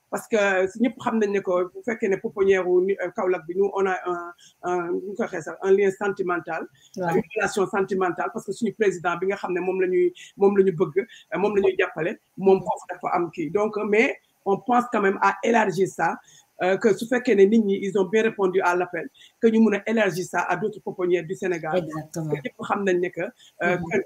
parce que si ñëpp xam nañ ne que bu fekkee ne pouponnière wu euh, Kaolack bi nous on a un un ñu ko sax un lien sentimental. une relation sentimentale parce que suñu président bi nga xam ne moom la ñuy moom la ñu bëgg moom la ñuy jàppale moom foofu dafa am kii donc mais on pense quand même à élargir ça. Euh, que Soufekene Nini, ils ont bien répondu à l'appel, que nous pouvons élargir ça à d'autres pouponnières du Sénégal. Exactement. Parce que nous que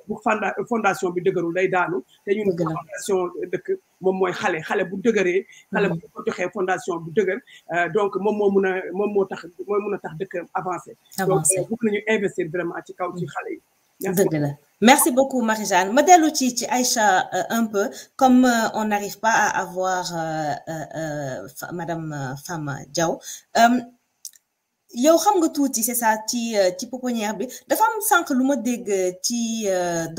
pour euh, mm-hmm. la fondation de Degarou, nous avons une fondation de moom mooy xale xale bu dëgëree xale bu mm-hmm. ko fondation bu euh, donc moom moo mun a moom tax mooy mun a tax dëkk avancé donc bëgg nañu investir vraiment ci kaw ci mm-hmm. xale yi Merci beaucoup, Marie-Jeanne. Modèle outil, Aïcha, euh, un peu, comme euh, on n'arrive pas à avoir euh, euh Madame Fama Diaw. yow xam nga tuuti c'est ça ci ci pépinière bi dafa am sank lu ma dégg ci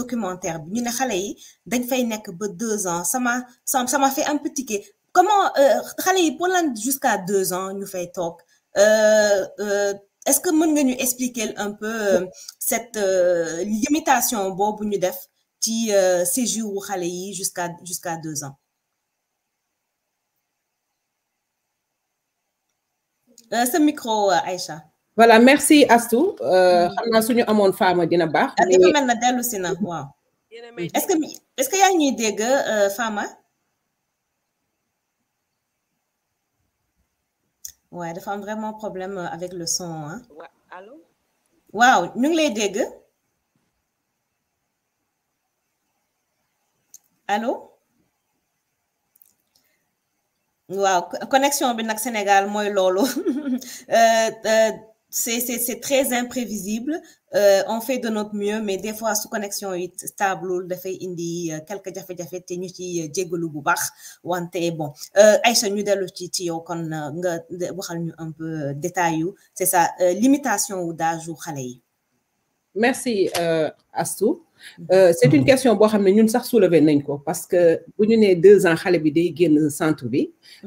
documentaire bi ñu ne xalé yi dañ fay nekk ba 2 ans sama sama sama fait un peu tiquer comment xalé yi pour jusqu'à 2 ans ñu fay euh est-ce que mën nga ñu expliquer un peu euh, cette euh, limitation bobu ñu def ci euh, séjour wu xale yi jusqu'à jusqu'à deux ans ce micro Aïcha voilà merci Astou xam naa suñu amone Fama dina baax est-ce que est-ce que y a ñuy dégg Fama ouais dafa a vraiment problème euh, avec le son wa hein. allo. waaw ñu ngi lay allo. waaw connexion bi Sénégal mooy Lolo euh, euh, c'est très imprévisible euh, on fait de notre mieux mais des fois sous connexion yi stable dafay indi euh, quelques jafe-jafe te ñu ci euh, jégalu bu baax wante bon Aïcha ñu dellu ci ci qu'on kon nga waxal ñu un peu détail c'est ça limitation ou d'âge wu xale yi merci Astou euh, c'est une question bo xamné ñun sax soulever nañ ko parce que bu ñu né 2 ans xalé bi day génn centre bi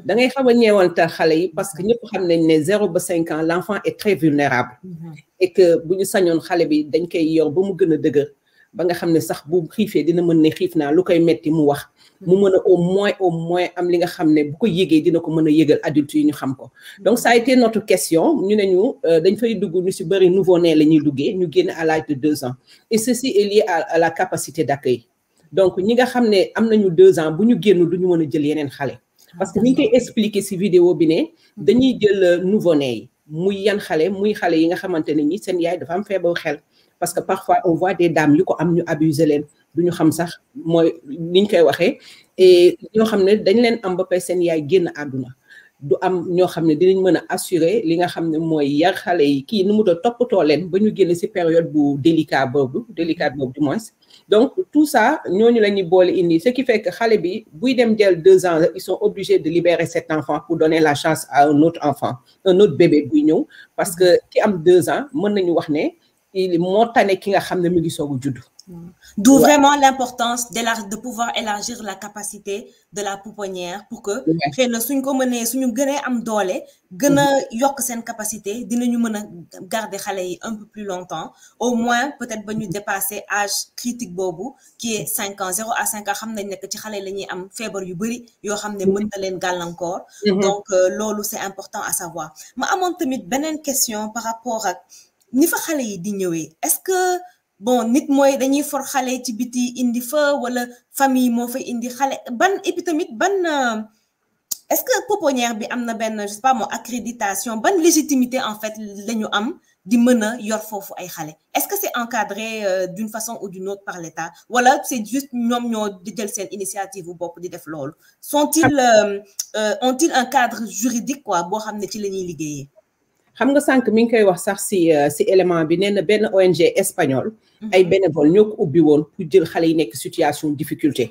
da ngay xama ñewal ta xalé yi parce que ñepp xam nañ né 0 ba 5 ans l'enfant est très vulnérable mm-hmm. et que bu ñu sañon xalé bi dañ koy yor ba mu gëna dëgeur ba nga xam sax bu xifé dina mëne xifna lu koy metti mu wax mu mëna au moins au moins am li nga xam bu ko yégué dina ko mëna a yégal adulte yi ñu xam ko donc ça a été notre question ñu ne ñu euh, dañ fay dugg ñu ci bari nouveau-né lañuy duggé ñu génn à l'âge de 2 ans et ceci est lié à la capacité d'accueil donc ñi nga xam ne am nañu deux ans bu ñu génn du ñu mën jël yenen xalé parce que ñi koy expliquer ci vidéo bi né dañuy jël euh, nouveau-né yi muy yan xale muy xale yi nga xamante ni seen yaay dafa am feebar xel parce que parfois on voit des dames yu ko am ñu abuser leen du xam sax moy niñ koy waxé et ñoo xamné dañ leen am ba pay seen yaay génn aduna du am ñoo xamné ne dinañ mën assurer li nga xamné moy mooy yar xale yi ki nu mu doon toppatoo leen ba ñu génn ci période bu délicat bobu délicat bobu du moins donc tout ça ñooñu la ñuy boole indi ce qui fait que xalé bi buy dem del 2 ans ils sont obligés de libérer cet enfant pour donner la chance à un autre enfant un autre bébé buy ñëw parce que ki am 2 ans mën nañu wax né il moo tane ki nga xam mi ngi judd. d'où vraiment l'importance de pouvoir élargir la capacité de la pouponnière pour que si nous suñ ko suñu mm-hmm. capacité dinañu garder les yi un peu plus longtemps au moins peut-être que nous dépasser l'âge critique bobu, qui est 5 ans 0 à 5 ans nous avons nekk ci xale yi la du am feebar yu mm-hmm. donc euh, c'est important à savoir ma vous poser une question par rapport à ni fa xalé yi di ñëwé est-ce que bon nit moy dañuy for xalé ci biti indi fa wala famille mo fa indi xalé ban et puis tamit ban euh, est-ce que pouponnière bi amna ben je sais pas mon accréditation ban légitimité en fait lañu am di mëna a yor fofu ay xalé est-ce que c'est encadré euh, d'une façon ou d'une autre par l'État wala c'est juste ñom ñoo di jël seen initiative bu bop di def loolu sont-ils euh, ont-ils un cadre juridique quoi bo xamné ci lañuy ñuy xam nga sànq mi ngi koy wax sax si euh, si élément bi nee na benn ONG espagnol mhm. ay bénévole ñoo ko ubbi woon pour jël xale yi nekk situation difficulté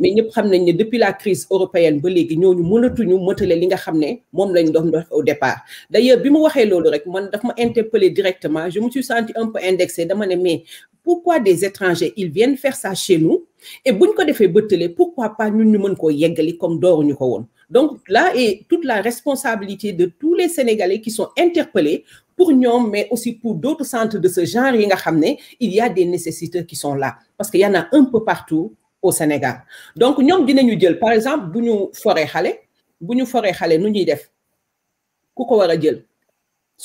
mais ñëpp xam nañ ne depuis la crise européenne ba léegi ñooñu mënatuñu mëtale li nga xam ne moom lañ doon dox au départ d' ailleurs bi mu waxee loolu rek man daf ma interpellé directement je me suis senti un peu indexé dama ne mais pourquoi des étrangers ils viennent faire ça chez nous et buñ ko defee bëttale pourquoi pas ñun ñu mën koo yeggali comme dooruñu ko woon donc là est toute la responsabilité de tous les Sénégalais qui sont interpellés pour ñoom mais aussi pour d'autres centres de ce genre yi nga xam il y a des nécessités qui sont là parce qu'il y en a un peu partout au Sénégal donc ñoom dinañu jël par exemple bu forêt, foree xale bu ñu foree nous, nu ñuy def ku ko war jël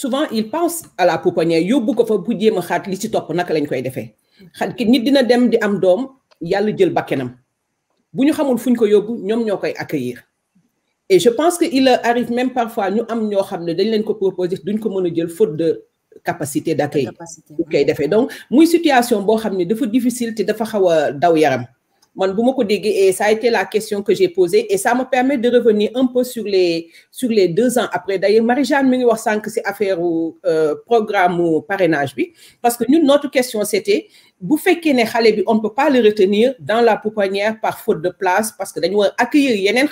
souvent ils pensent à la pouponnière ne ko fa bu jéem a xaat li ci topp naka lañ koy defee xat nit dina dem di am doom yàlla jël bakkenam bu ñu xamul fuñ ko yóbbu ñoom ñoo koy accueillir et je pense qu'il arrive même parfois nous am ñoo xam proposer d'une communauté faute de capacité d'accueil donc une situation est difficile de faire xaw daw yaram man bu et ça a été la question que j'ai posée et ça me permet de revenir un peu sur les sur les deux ans après d'ailleurs Marie-Jeanne mi ngi wax que si affaire euh, programme ou parrainage parce que notre question c'était bu ne peut pas le retenir dans la pouponnière par faute de place parce que dañu accueillir yeneen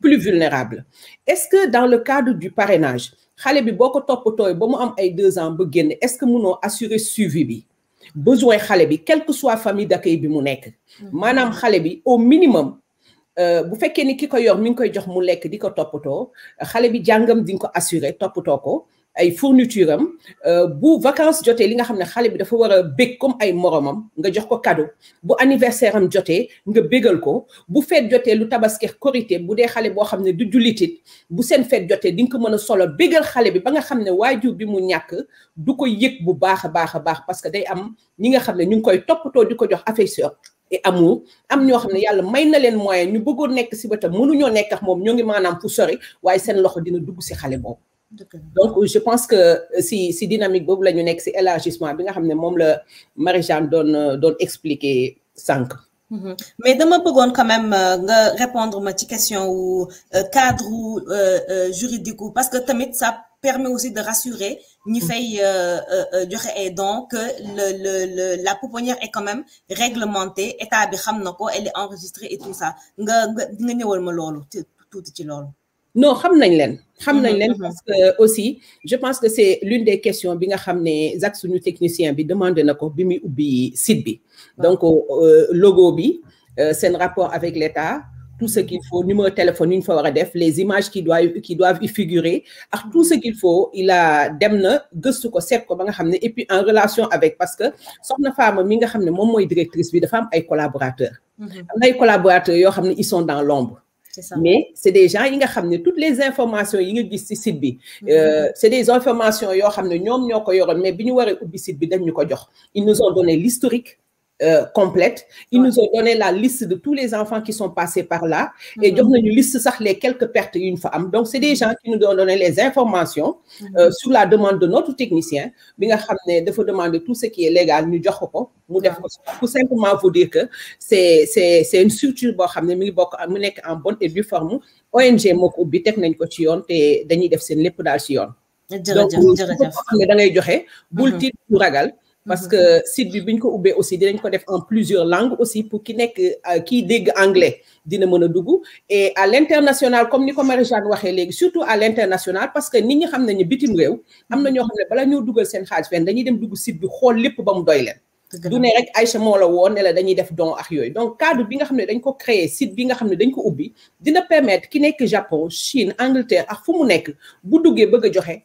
plus vulnérables est-ce que dans le cadre du parrainage xale bi boko topoto toppatooy ba mu am ay deux ans ba génn est-ce que mënoo assurer suivi bi besoin xale bi quelle que soit famille d'accueil bi mu nek mm-hmm. manam xale bi au minimum euh, bu fekké ni kiko yor mi ngi koy jox mu lek diko topoto toppatoo bi jangam ding ko assurer topoto ko ay fourniture am euh, bu vacance jotee li nga xam ne xale bi dafa war a bég comme ay moromam nga jox ko cadeau bu anniversaire am jotee nga bégal ko bu feet jotee lu tabaski korité bu dee xale boo xam ne du jullitit bu seen feet jotee dinga nga ko mën a solo bégal xale bi ba nga xam ne waajur bi mu ñàkk du ko yëg bu baax a baax a baax parce que day am ñi nga xam ne ñu ngi koy toppatoo di ko jox affection et amour am ñoo xam ne yàlla may na leen moyen ñu bëggoon nekk si wetam mënuñoo nekk moom ñoo ngi maanaam fu sori waaye seen loxo dina dugg si xale boobu donc je pense que si si dynamique c'est la ñu élargissement bi nga xamné Marie-Jeanne donne euh, expliquer sank mm-hmm. mais dama bëggoon quand même euh, répondre ma ci question ou euh, cadre juridique parce que tamit ça permet aussi de rassurer ñi mm-hmm. fay que le le la pouponnière est quand même réglementée état bi elle est enregistrée et tout ça nga nga ma lolu ci non xam nañ leen xam mhm, mhm. parce que aussi je pense que c'est l'une des questions bi nga xam ne suñu technicien bi demandé na ko bi muy ubbi site bi donc euh, euh, logo bi un euh, rapport avec l'État tout ce qu'il faut numéro de téléphone def les images qui doivent qui doivent y figurer tout ce qu'il faut il a dem na gëstu ko seet ko nga et puis en relation avec parce que soxna femmes, mi nga xam ne moom mooy directrice bi dafa am ay collaborateurs mhm. am ay collaborateurs yoo ils sont dans l'ombre mais c'est déjà gens yi nga xam toutes les informations yi nga gis ci site bi mhm. euh, c'est des informations yoo xam ne ñoom ñoo ko yoroon mais bi ñu waree ubbi site bi dañ ñu jox ils nous ont donné l'historique euh, complète. Ils nous ont donné la liste de tous les enfants qui sont passés par là et ont donné une liste ça les quelques pertes d'une femme. Donc, c'est des mhm. gens qui nous ont donné les informations mhm. euh, sur la demande de notre technicien. Il faut demander tout ce qui est légal. Nous pour simplement vous dire que c'est une structure qui est en bonne et due forme. ONG, je suis en et de faire des choses. Donc, da ngay mhm. bul ragal parce mhm. que site bi buñ ko ubbee aussi dinañ ko def en plusieurs langues aussi pour ki nek euh, ki dégg anglais dina mën dugg et à l'international comme ni Marie-Jeanne waxé légui surtout à l'international parce que nit ñi xam nañu bitim réew am na ñoo xam ne bala ñoo duggal seen xaalis fenn dañuy dem dugg site bi xol lépp ba mu doy leen du ne rek Aïcha mo la woon la dañuy def don ak yoy donc cadre bi nga xam ne dañ ko créer site bi nga xam ne dañ ko ubbi dina permettre ki nek Japon Chine Angleterre ak fu mu nek bu duggé bëgg joxé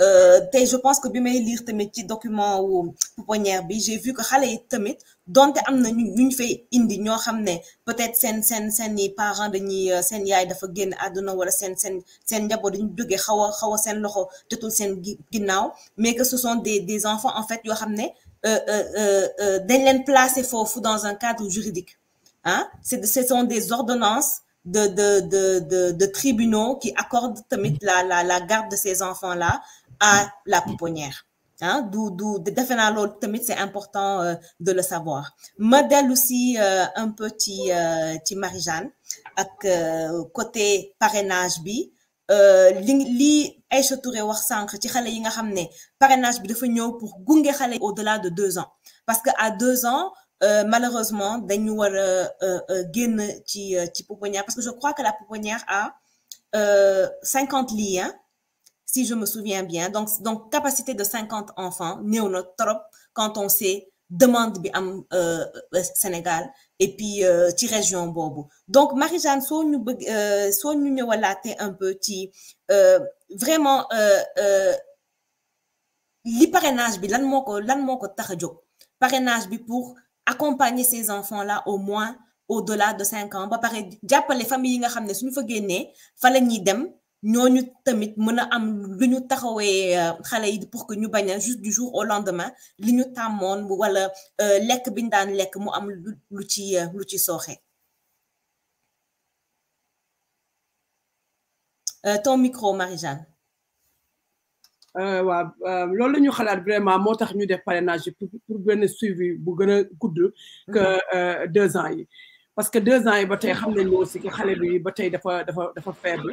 Euh, tey je pense que bi may lire tamit ci document wu pouponnière bi j'ai vu que xalé yi tamit donte am na ñu ñu fay indi ñoo xam ne peut-être seen seen seen ni parents dañuy euh, seen yaay dafa génn àdduna wala seen seen seen njaboot dañu jógee xaw a xaw a seen loxo jotul seen ginnaaw mais que ce sont des des enfants en fait yoo xam ne euh, dañ leen placer foofu dans un cadre juridique hein c'est ce sont des ordonnances de de de de de tribunaux qui accordent tamit la la la garde de ces enfants là à la pouponnière. Hein, d'où, d'où, defe naa tamit c'est important euh, de le savoir Modèle aussi euh, un petit ci euh, marijane avec côté parrainage bi li li Aïcha Touré wax sànq ci xale yi nga xam parrainage bi dafa ñëw pour gunge xale au-delà de deux ans parce que à deux ans malheureusement, dañu war génn ci ci pouponnière parce que je crois que la pouponnière a euh, 50 si je me souviens bien. Donc, capacité de 50 enfants néonotropes quand on sait demande bi euh, euh, Sénégal et puis euh, ci région Bobo. donc Marie-Jeanne soit nous bëgg un petit vraiment li parrainage bi lan parrainage bi pour accompagner ces enfants là au moins au-delà de 5 ans ba familles, que famille yi nga xamné ne suñu fa génnee fa lañuy dem ñooñu tamit mën a am lu ñu taxawee euh, xale yi pour que ñu bañ a juste du jour au lendemain li ñu tàmmoon wala euh, lekk biñ daan lekk mu am lu ci euh, lu ci sooxe. ton micro Marie-Jeanne. waaw loolu la ñu xalaat vraiment moo tax ñu def parrainage pour pour benn suivi bu gën a gudd. que mhm. deux ans yi. parce que deux ans yi ba tey xam nañu aussi que xale bi ba tey dafa dafa dafa faible.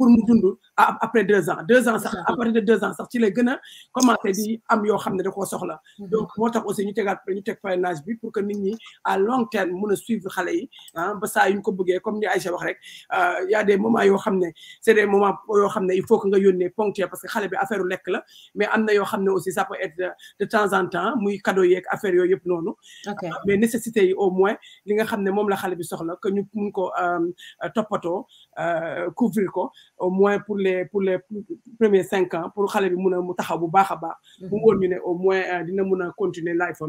pour mu après deux ans deux ans à partir de deux ans sorti les lay gën a commencé di am yo xam ne da koo soxla mm-hmm. donc moo tax aussi ñu tegaat ñu teg parrainage bi pour que nit ñi à long terme nous a suivre xale yi ah ba saa ko comme ni Aïcha wax rek euh, y a des moments yo xam c'est des moments yo xam il faut que nga yónnee ponctuel parce que xale bi affaire u la mais am yo yoo aussi ça peut être de temps en temps muy cadeau yeeg affaire yo yëpp non. Euh, mais nécessité yi au moins li nga xam ne moom la xale bi soxla que ñu mun ko euh, toppatoo couvrir ko au moins pour les pour les premiers cinq ans pour xalé bi mun a mu taxaw bu baax baax. Mhm. ñu né au moins euh, dina mëna continuer life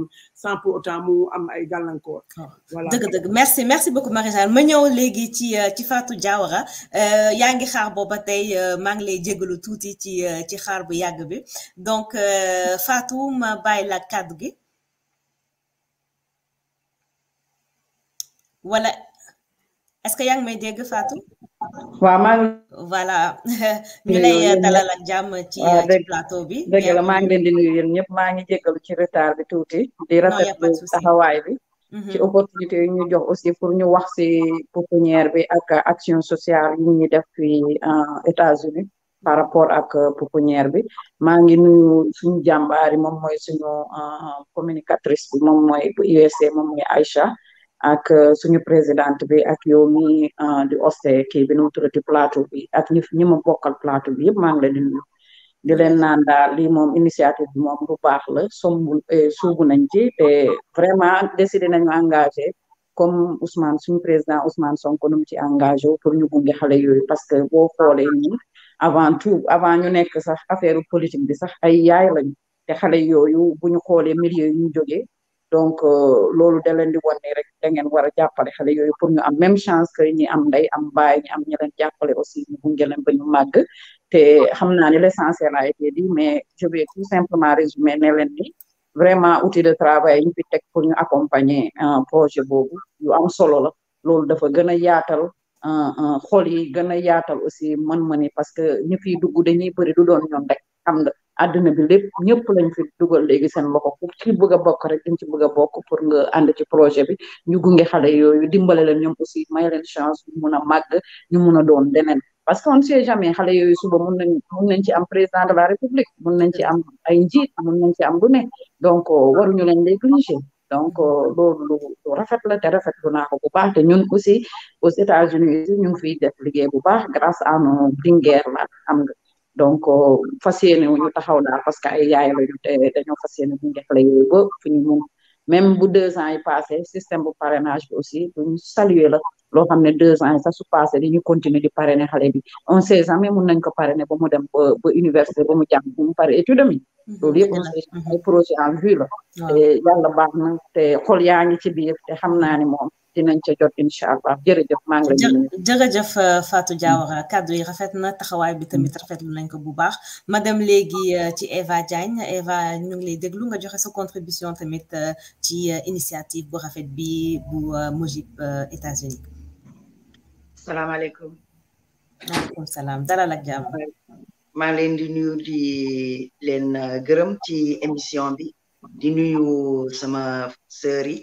sans pour autant mu am ay gàllankoor. Ah, voilà deug deug merci merci beaucoup Marie-Jeanne ma ñëw légui ci euh, ci Fatou Diawara euh, yaa ngi xaar booba tey maa ngi lay jégalu tuuti ci ci xaar bu yag bi donc Fatou ma bàyyi la voilà gi wala est-ce que yang may dégg Fatou. waaw maa ngi. voilà ñu lay jàmm ci plateau bi. dëgg maa ngi leen di nuyu yéen ñëpp maa ngi jégalu ci retard bi tuuti. di rafetlu taxawaay bi. Mhm. ci opportunité yi ñu jox aussi pour ñu wax si pouponnière bi ak action sociale yi ñuy def fii euh, États-Unis par rapport ak euh, pouponnière bi maa ngi nu suñu jàmbaari moom mooy suñu euh, communicatrice bi moom mooy bu USA moom mooy Aïcha. ak euh, suñu présidente bi ak yow mi euh, di oste kii bi nu mu plateau bi ak ñi ñi ma bokkal plateau bi yëpp maa ngi leen di nuyu di leen naan daal lii moom initiative moom bu baax la sombu euh, suubu nañ ci te vraiment décidé nañu engagé comme Ousmane suñu président Ousmane Sonko nu ci engagé pour ñu gunge xale yooyu parce que boo xoolee ñun avant avant ñu nekk sax affaire politique bi sax ay yaay lañu te xale yooyu bu ñu xoolee milieu yu ñu jógee donc euh, loolu de leen di wan rek da ngeen war a jàppale xale yooyu pour ñu am même chance que ñi am ndey am baay ñi am ñi leen jàppale aussi ñu gunge leen ba ñu màgg te xam naa ne l'essentiel a été dit mais je vais tout simplement résumer ne leen ni vraiment outil de travail ñu fi teg pour ñu accompagner euh, projet boobu yu am solo la loolu dafa gën a yaatal euh, xol yi gën a yaatal aussi mën-mëni parce que ñu fiy dugg dañuy bëri du doon ñoom rek xam nga àdduna bi lépp ñëpp lañ fi dugal léegi seen loxo ku ci bëgg bokk rek dañ ci bëgg a bokk pour nga ànd ci projet bi ñu gunge xale yooyu dimbale leen ñoom aussi may chance mun a màgg ñu mun a doon deneen parce que on ne xale yooyu suba mun nañ mun nañ ci am président de la république mun nañ ci am ay njiit mun nañ ci am lu ne donc euh, waruñu leen négliger donc euh, loolu lu rafet la te rafet lu naa ko bu baax te ñun aussi aux États-Unis ñu ngi fiy def liggéey bu baax grâce à nos Linguère la xam nga donc euh, fas yéene wu ñu taxaw daal parce que ay yaay lañu te dañoo fas yéene bu ñu def la yooyu ba fu même bu deux ans yi passé système bu parrainage bi aussi duñu saluer la loo xam ne deux ans yi sax su passé di ñu continuer di parrainer xale bi on sait jamais mun nañ ko parrainer ba mu dem ba ba université ba mu jàng ba mu pare étude mi mhm, loolu yëpp projet en vue la mhm. te yàlla baax na te xol yaa ngi ci biir te xam naa ni moom dinañ ca jot incha allah jërëjëf maa ngi lay jërëjëf euh, Fatou Diawara yi rafet na taxawaay bi tamit mm. rafetlu nañ ko bu baax ma dem léegi euh, ci Eva Diagne Eva ñu ngi lay déglu nga joxe sa contribution tamit euh, ci initiative bu rafet bi bu Mojib États-Unis salaamaaleykum salaam dalal ak jàmm maa leen di nuyu di leen gërëm ci émission bi di nuyu sama sœur yi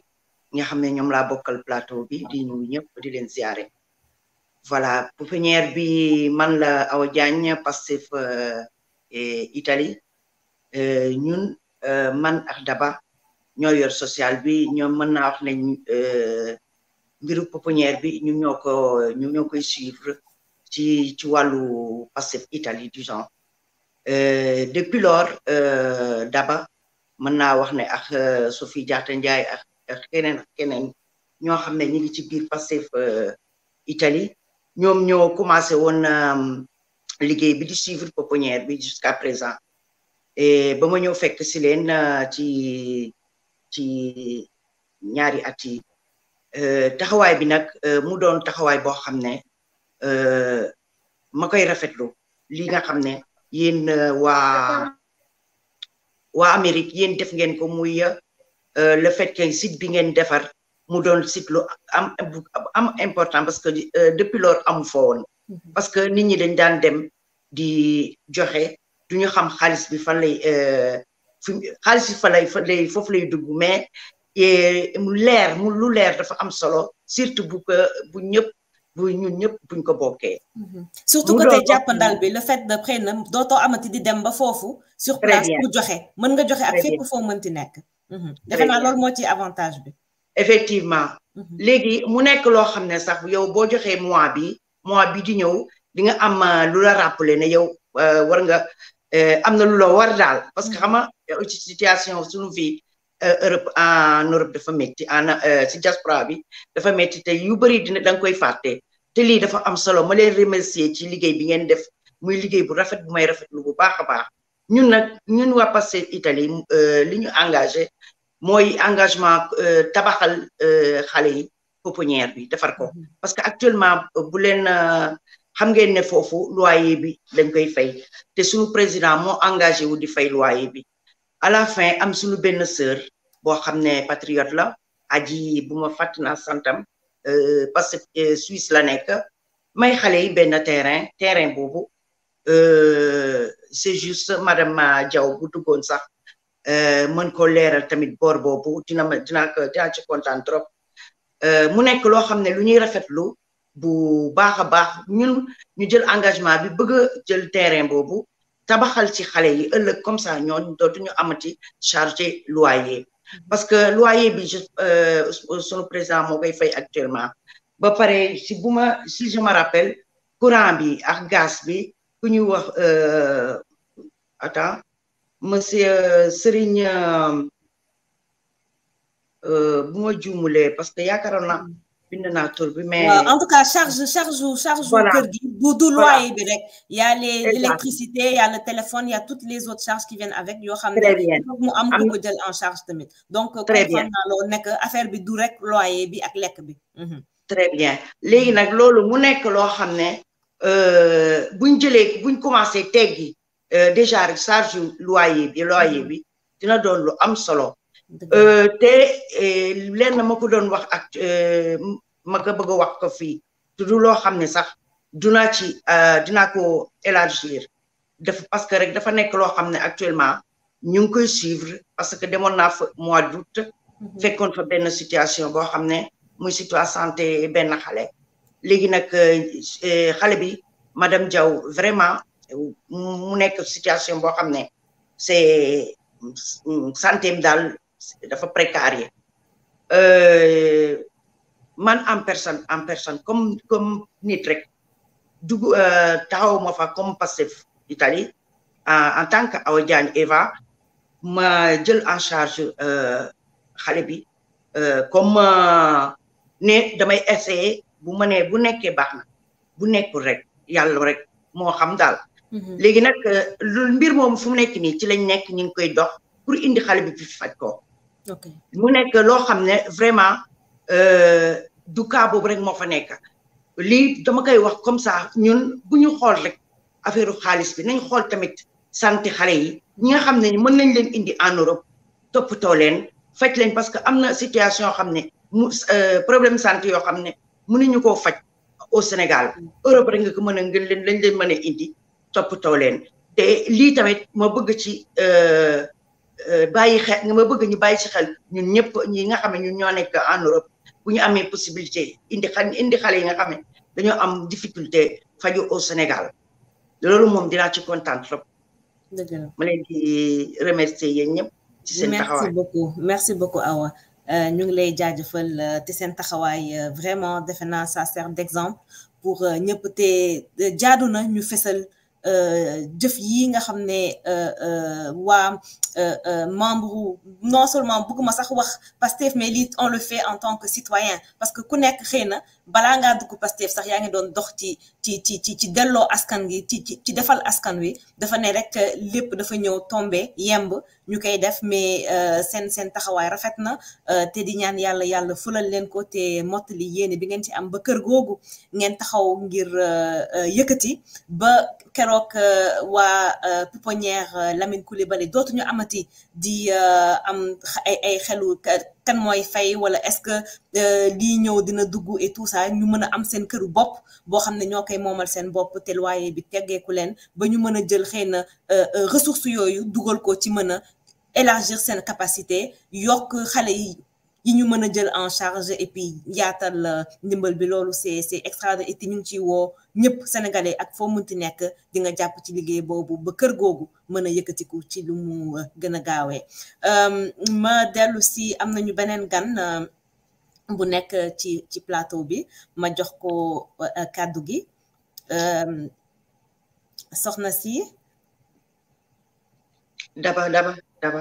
nga xam ne ñoom laa bokkal plateau bi di ñu ñëpp di leen ziare voilà pépinière bi man la Awa Diagne Pastef euh, Italie euh, ñun euh, man ak Daba ñoo yor social bi ñoom mën naa wax ne mbiru pépinière bi ñu ñoo ko ñu ñoo koy suivre ci ci wàllu Pastef Italie disons depuis lors Daba mën naa wax ne ak Sophie Diatta Ndiaye ak ak keneen ak keneen ñoo xam ne ñu ngi ci biir Pastef euh, Italie ñoom ñoo commencé woon euh, liggéey bi di suivre pouponnière bi jusqu'à présent et ba ma ñëw fekk si leen euh, ci ci ñaari at yi taxawaay bi nag mu doon taxawaay boo xam ne ma koy rafetlu li nga xam ne yéen waa waa Amérique yéen def ngeen ko muy Euh, le fait que site bi ngeen defar mu doon site lu am am important parce que euh, depuis loolu amu foo mhm. parce que nit ñi dañ daan dem di joxe du ñu xam xaalis bi fan lay euh, fi xaalis fan lay fan foofu lay dugg mais eh, mu leer mu lu leer dafa am solo surtout bu ko bu ñëpp bu ñun ñëpp buñ ko bokkee. Mhm. surtout que tey jàppandal bi le fait de xëy na dootoo amati di dem ba foofu. sur place pour joxe mën nga joxe ak fépp foo mënti nekk. Mhm. defe naa loolu moo ci avantage bi. effectivement. Mhm. léegi mu nekk loo xam ne sax yow boo joxee mois bi mois bi di ñëw di nga am euh, lu la rappeler ne yow euh, war nga euh, am na lu la war daal parce que mhm. xam nga situation suñu fii Europe en Europe dafa métti en si diaspora bi dafa métti te yu bëri dina da nga koy fàtte te lii dafa am solo ma leen remercier ci liggéey bi ngeen def muy liggéey bu rafet bu may rafet lu bu baax a baax ñun nag ñun waa Pastef Italie li ñu engagé. moy engagement euh, tabaxal euh, xale yi bi defar ko mm-hmm. parce que actuellement bu euh, ne loyer bi dañ koy fay te président mo engagé wu di loyer à la fin am sœur patriote la aji parce Suisse may terrain c'est juste madame Diaw Eh, mën ko leeral tamit boor boobu dina ma dinaa ko dinaa ci kontaan eh, mu nekk loo xam ne lu ñuy rafetlu bu baax a baax ñun ñu jël engagement bi bëgg a jël terrain boobu tabaxal ci xale yi ëllëg comme ça ñooñu dootuñu amati chargé loyer parce que loyer bi je eh, sunu présent moo koy fay actuellement ba pare si bu si je me courant bi ak gaz bi ku ñuy wax attends monsieur Serigne euh, euh, bu parce que en tout cas charge charge charge. y a l'électricité, il y a le téléphone il y a toutes les autres charges qui viennent avec yo très en charge donc très bien. Alors, affaire bi mhm. très bien euh, déjà avec charge loyer bi loyer bi dina doon lu am solo euh té e, lén mako don wax ak euh mako bëgg wax tudu sax ci élargir parce que rek dafa actuellement ñu koy suivre parce que na mois d'août mhm. fekkon fa situation bo xamné muy situation santé e, e, bi madame Diaw vraiment mu nekk situation boo xam ne c'est santé bi daal dafa précarier précaire euh, man en personne en personne comme comme nit rek dug euh, taxaw ma fa comme Pastef Italie en tant que Awa Diagne Eva ma jël en charge euh, xale bi comme ne damay essayer bu ma bu nekkee baax na bu nekkul rek yàlla rek moo xam daal Mhm. léegi nag euh, lu mbir moomu fu mu nekk nii ci lañ nekk ñu ngi koy dox pour indi xale bi fi faj ko. mu nekk loo xam ne vraiment euh, du cas boobu rek moo fa nekk. lii dama koy wax comme sax ñun bu ñu xool rek affaire xaalis bi nañ xool tamit santé xale yi ñi nga xam ne mën nañ leen indi en Europe toppatoo leen faj leen parce que am na situation yoo xam ne mu euh, problème santé yoo xam ne mënuñu koo faj au Sénégal mm. Europe rek nga ko mën a ngeen leen lañ leen mën a indi. toppatoo leen te lii tamit ma bëgg ci euh, euh, bàyyi xel nga ma bëgg ñu bàyyi ci xel ñun ñëpp ñi nga xam ne ñun ñoo nekk en Europe bu ñu amee possibilité indi xale indi xale yi nga xam ne dañoo am difficulté faju au Sénégal loolu moom dinaa ci kontaan trop. ma leen di remercier yéen ñëpp. ci seen taxawaay merci beaucoup merci beaucoup Awa. Euh, ñu ngi lay jaajëfal te seen taxawaay vraiment defe naa ça sert d'exemple pour ñëpp te jaadu na ñu fësal def euh, yi nga xam ne euh, euh, membre non seulement bëgguma sax wax Pastef mais li on le fait en tant que citoyen parce que ku nekk xëy na balaa ngaa dugg Pastef sax yaa ngi doon dox ci ci delloo askan gi ci ci ci defal askan wi dafa ne rek lépp dafa ñëw tombe yemb ñu koy def mais euh, seen seen taxawaay rafet na euh, te di ñaan yàlla yàlla fulal leen ko te mottali yéene bi ngeen ci am ba kër googu ngeen taxaw ngir euh, yëkkati ba keroog waa pouponnière Lamine Coulibaly dootuñu amati di am xelu kan mooy fay wala est-ce que euh, lii ñëw dina dugg et tout ñu mën a am seen këru bopp boo xam ne ñoo koy moomal seen bopp te loyer bi teggeeku leen ba ñu mën a jël xëy na euh, euh, ressources yooyu dugal ko ci mën a élargir seen capacité yokk xale yi yi ñu mën a jël en charge et puis yaatal euh, ndimbal bi loolu c'est c'est extra et puis ñu ngi ciy woo ñëpp sénégalais ak foo mun munti nekk di nga jàpp ci liggéey boobu ba kër googu mën a yëkkatiku ci lu mu euh, gën a gaawee euh, ma dellu si am nañu beneen gan bu nekk ci ci plateau bi ma jox ko kàddu gi soxna si. daba daba daba.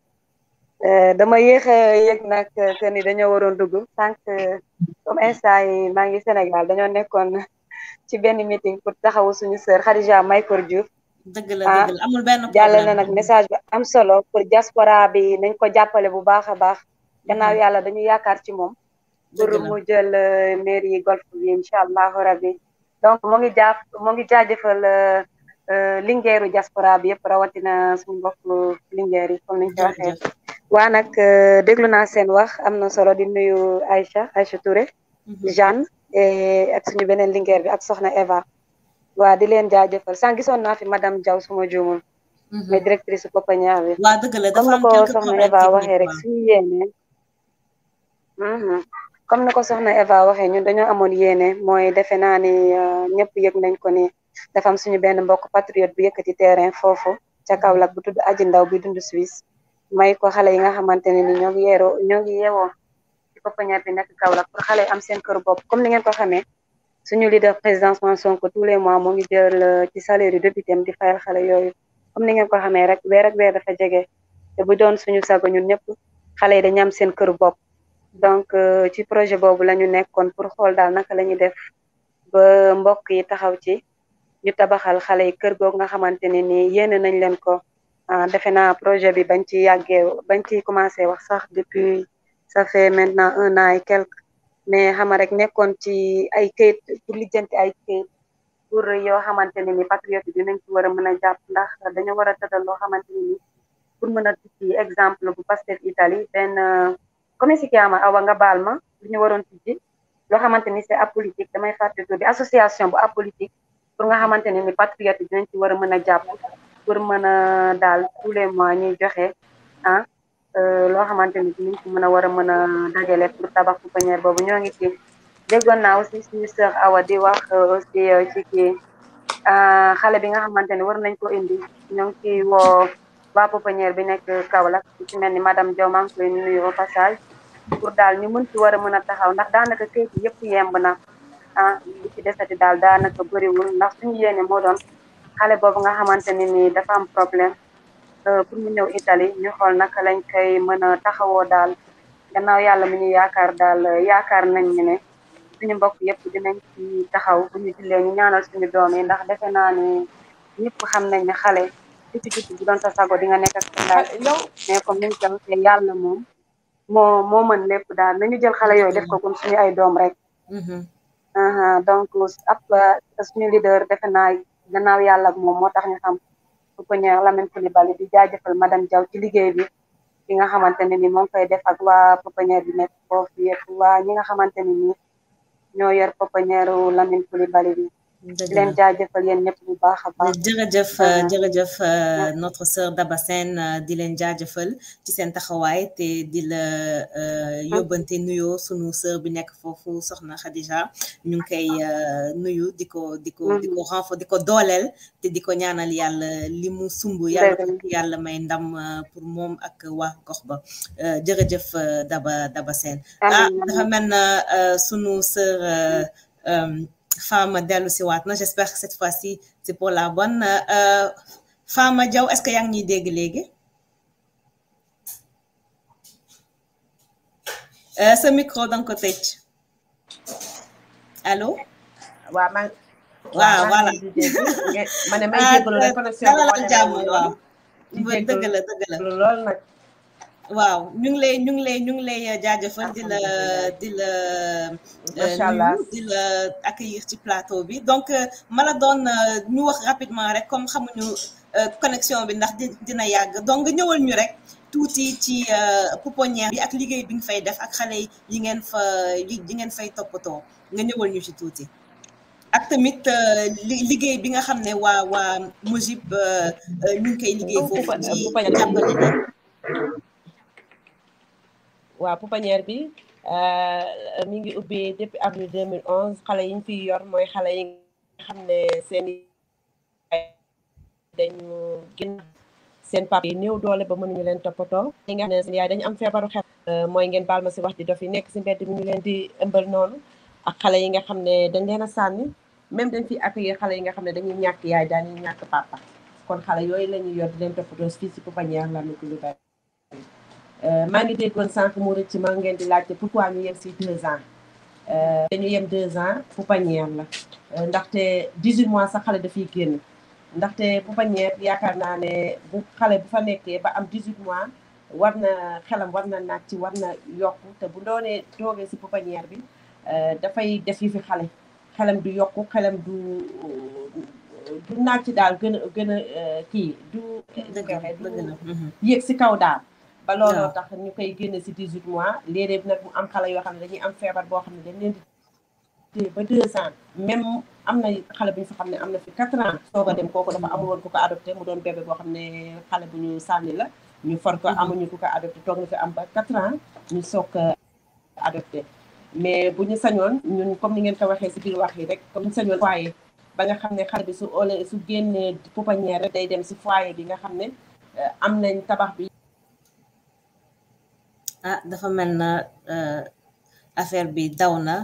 Eh, dama yéex a yëg nag eh, que ni dañoo waroon dugg sànq eh, comme instant yi maa ngi Sénégal dañoo nekkoon ci benn meeting pour taxawu suñu sœur Khadija Maykor Diouf. dëgg la ah, dëgg nag message bi am solo pour diaspora bi nañ ko jàppale bu baax a baax. Mm-hmm. gannaaw yàlla dañu yaakaar ci moom. pour mu jël mairie yi golf bi incha allahu rabbi donc mu ngi jàpp moo ngi jaajëfal lingeeru diaspora bi yëpp rawatina suñu mbokk lingeer yi comme ko waxee. wa nak eh, deglu na sen wax amna solo di nuyu aisha aisha Touré mhm. Jeanne eh, ak suñu benen bi ak soxna Eva wa di len jaajeufal sànq gisone na fi madame jaw suma djoumou mhm. mais directrice Popaña bi wa deug la dafa am mhm. ko soxna Eva waxee rek suñu yéene comme nako soxna Eva waxee ñun dañu amone yene moy defe na ni euh, ñepp yëg nañ ko ni dafa am suñu benn mbokk patriote bu yëkkati terrain fofu ca lak bu tuddu Aji Ndaw bi dund Suisse may ko xalé yi nga xamanteni ni ñoo ngi yeeroo ñoo ngi yéwo ci ko pépinière bi nekk Kaolack pour xalé am seen kër bop comme ni ngeen ko xamé suñu leader président Ousmane Sonko tous les mois mo ngi jël ci salaire yu député di fayal xalé yooyu comme ni ngeen ko xamé rek wér ak wér dafa jege té bu doon suñu sago ñun ñëpp xalé yi dañu am seen kër bop donc euh, ci projet bobu lañu nekkon pour xol dal naka lañu def ba mbokk yi taxaw ci ñu tabaxal xalé yi kër googu nga xamanteni ni yéne nañ leen ko Ah, defe naa projet bi bañ ci yàggee bañ ci commencé wax sax depuis ça maintenant un an et quelque mais xama rek nekkoon ci ay kayit pour ay yoo xamante ne ni patriote bi nañ ci war a mën a jàpp ndax dañoo war a tëddal loo xamante ne ni pour mën a tukki exemple bu Pastef Italie benn comme si ama awa nga baal ma lu ñu waroon tijji loo xamante ni c'est apolitique damay fàtte tur bi association bu apolitique pour nga xamante ne ni patriote bi nañ ci war a mën a jàpp pour mën a daal tous mois ñuy joxe ah euh, loo xamante ni niñ ci mën a war a mën a dajale pour tabax pouponnière boobu ñoo ngi ki déggoon naa aussi suñu sœur Awa di wax euh, aussi euh, ci kii ah, xale bi nga xamante ne war nañ ko indi ñoo ngi ciy woo waa pouponnière bi nekk Kaolack ci mel ni madame Diaw maa ngi koy nuyu au passage pour daal ñu mën ci war a mën a taxaw ndax daanaka kayit yëpp yemb na ah li ci desati daal daanaka bëriwul ndax suñu yéene moo xale boobu nga xamante ne ni dafa am problème euh, pour mu ñëw Italie ñu xool naka lañ kay mën a taxawoo daal gannaaw yàlla mi ñu yaakaar daal yaakaar nañ ñu ne suñu mbokk yëpp dinañ ci taxaw bu ñu ñu ñaanal suñu doom yi ndax defe naa ni ñëpp xam nañ ne xale ku ci sa sago di nga nekk ak sa ndaay mais comme niñ ko waxee moom moo moo mën lépp daal nañu jël xale yooyu def ko comme suñu ay doom rek mm-hmm. donc ab suñu leader defe naa gannaaw yàlla ak moom moo tax ñu xam pouponnière Lamine Coulibaly di jaajëfal madame Diaw ci liggéey bi ki nga xamante ne ni moo ngi koy def ak waa pouponnière bi nekk foofu yëpp waa ñi nga xamante ne ni ñoo yor pouponnière Lamine Coulibaly bi di leen jaajëfal yéen ñëpp bu baax a baax. jërëjëf jërëjëf euh, notre sœur euh, di leen jaajëfal ci seen taxawaay te di la euh, yóbbante nuyoo sunu sœur bi nekk foofu soxna Khadija ñu ngi koy nuyu di ko di ko di ko renfort di ko dooleel te di ko ñaanal yàlla li mu sumb yàlla may ndam pour moom ak waa gox ba jërëjëf Daba Daba Sène ah, dafa mel na sunu sœur femme d'elle j'espère que cette fois-ci c'est pour la bonne euh, Femme, Diaw est-ce que y a une idée, micro Ce micro dans le Allô? Allô? voilà waaw ñu ngi lay ñu ngi lay ñu ngi lay jaajëfal di la di la euh, nuyu di la accueillir ci plateau bi donc euh, mala la doon euh, ñu wax rapidement rek comme xamuñu connexion bi ndax dina yàgg donc nga ñëwal ñu rek tuuti ci pouponnière bi ak liggéey bi nga fay def ak xale yi ngeen fa yi ngeen fay toppatoo nga ñëwal ñu ci tuuti ak tamit liggéey bi nga xam ne waa waa Mojib ñu ngi koy liggéey foofu ci jàppale waaw pouponnière bi euh, mi ngi ubbee depuis avril 2011 xale yi fi yor mooy xale yi nga xam ne seen i dañu génn seen papa yi doole ba leen li nga ne seen yaay dañu am febaru xel euh, moy ngeen balma ci wax di dofi nek ci si mbedd mi ñu leen di ëmbal noonu ak xalé yi nga xam dañ leena sanni même dañ fi accueillir xalé yi nga xam dañuy ñak yaay dañuy ñak papa kon xalé yoy lañu yor di leen ci ci si ñaar la lu bari Euh, maa ngi déggoon sànq mu rëcc ma ngeen di laajte pourquoi ñu yem si deux ans euh, dañu yem deux ans pouponnière la euh, ndaxte 18 mois sax xale dafay génn ndaxte pouponnière yaakaar naa ne bu xale bu fa nekkee ba am 18 mois war na xelam war na naaj ci war na yokku te bu doonee toogee si pouponnière bi dafay def yi fi xale xelam du yokku xelam du du naaj ci daal gën a gën a kii du. la dëgg yéeg si kaw daal. ba looloo tax ñu koy génne si 18 mois léeg-léeg nag mu am xale yoo xam ne dañuy am feebar boo xam ne dañ leen di ba deux ans même am na xale bu ñu xam ne am na fi 4 ans soog a dem kooku dafa amul woon ku ko adopté mu doon bébé boo xam ne xale bu ñu sànni la ñu for ko mm-hmm. amuñu ku ko adopté toog na fi am ba 4 ans ñu soog adopté mais bu ñu sañoon ñun comme ni ngeen ko waxee si biir wax yi rek comme ñu sañoon foyer ba nga xam ne xale bi su ole su génnee pouponnière rek day dem si foyer bi nga xam ne euh, am nañ tabax bi ah dafa mel na euh, affaire bi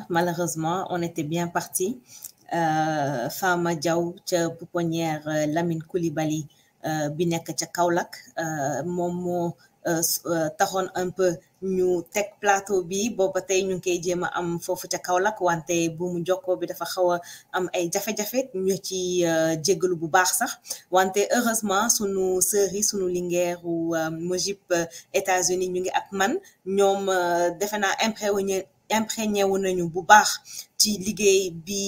malheureusement on était bien parti euh, Fama Diaw ca pouponnière euh, Lamine koulibali, bi nekk ca Euh, euh, taxoon un peu ñu teg plateau bi booba tey ñu ngi koy jéem a am foofu ca kaw Kaolack wante bu mu jokkoo bi dafa xaw a am ay jafe-jafe ñu ci euh, jéggalu bu baax sax wante heureusement sunu sœurs yi sunu lingeeru Mojib États-Unis ñu ngi ak man ñoom defe naa imprégné nañu bu baax ci liggéey bi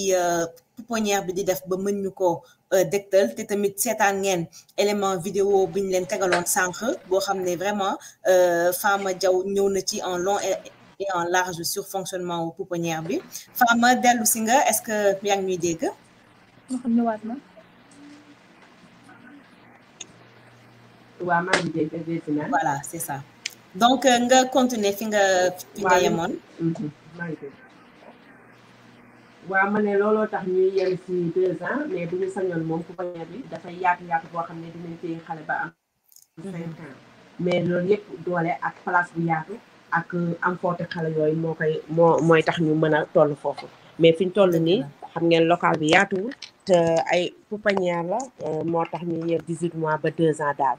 pouponnière bi di def ba mën ñu ko Euh, t'es te tamit seetaan ngeen élément vidéo bi ñu leen tegaloon sànq boo xam ne vraiment euh, femme Diaw ñëw na ci en long et en large sur fonctionnement au pouponnière bi Femme dellu si nga est-ce que yaa ngi ñuy dégg. voilà c'est ça donc euh, nga continuer fi nga fi nga yemoon. Mm-hmm, waaw ma ne looloo tax ñuy yem si deux ans mais bu ñu sañoon moom pouponnière bi dafay yaatu yaatu boo xam ne dinañ téye xale ba am mais loolu yëpp doole ak place bu yaatu ak euh, am foote xale yooyu moo koy moo mooy tax ñu mën a toll foofu mais fi ñu toll nii xam ngeen local bi yaatuwul te ay pouponnière la euh, moo tax ñu yem dix huit mois ba deux ans daal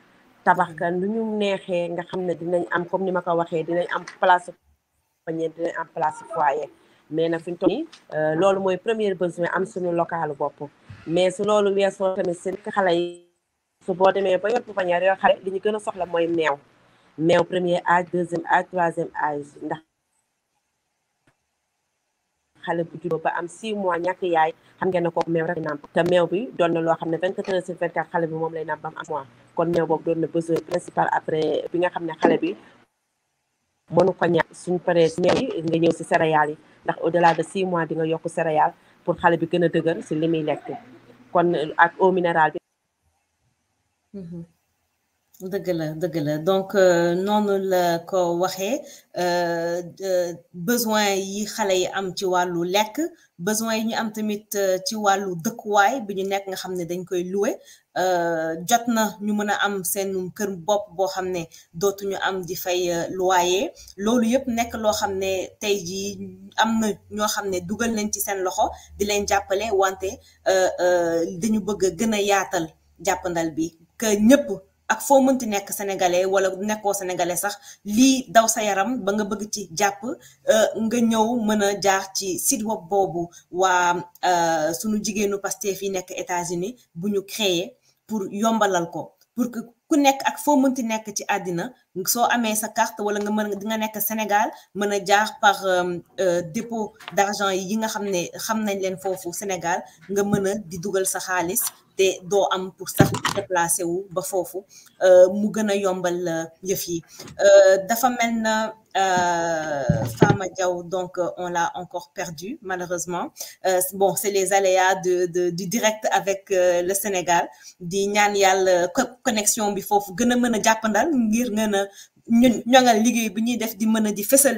tabax ka mm-hmm. lu ñu neexee nga xam ne dinañ am comme ni ma ko waxee dinañ am place panier dinañ am place foyer mais nag fi ñu toll euh, loolu mooy premier besoin am suñu localu bopp mais su loolu weesoo tamit seen xale yi su boo demee ba yor panier yoo xale li ñu gën a soxla mooy meew meew premier âge deuxième âge troisième âge ndax xale bu juddoo ba am 6 mois ñàkk yaay xam ngeen ne kooku meew rek nàmp te meew bi doon na loo xam ne 24 heures sur 24 xale bi moom lay nàmp ba am mois kon meew boobu doon na besoin principal après bi nga xam ne xale bi mënu ko ñàkk suñ paree meew yi nga ñëw si céréales yi ndax au delà de 6 mois di nga yokk céréales pour xale bi gën a dëgër si li muy lekk kon ak eau minérale bi mm-hmm. dëgg la donc euh, non le ko euh, besoin yi xale am ci walu besoin yi ñu am tamit euh, ci wàllu dëkkuwaay bi ñu nek nga dañ koy loué euh, jot na ñu mëna am seen kër bop bo dootu ñu am di fay loyer loolu yëpp nek lo xam tay loho, am na ño ne ci seen loxo di leen wante dañu bëgg a japandalbi. yaatal jappandal bi que ñëpp. ak foo mënti nekk sénégalais wala nekkoo sénégalais sax lii daw sa yaram ba nga bëgg ci jàpp euh, nga ñëw mën a jaar ci site web boobu waa euh, sunu jigéenu Pastef yi nekk États-Unis bu ñu créer pour yombalal ko pour que ku nekk ak foo mënti nekk ci àddina soo amee sa carte wala nga mën nga nekk Sénégal mën a jaar par euh, dépôt d'argent yi nga xam ne xam nañ leen foofu Sénégal nga mën a di dugal sa xaalis te do am pour sax déplacé wu ba euh mu gëna yombal euh, yëf yi euh, dafa melna euh, Fama Diaw donc euh, on l'a encore perdu malheureusement bon c'est les aléas de de du direct avec le Sénégal di ñaan yàlla connexion bi foofu gën a mën ngir ñu ñoŋal liggéey bi ñuy def di mën a di fësal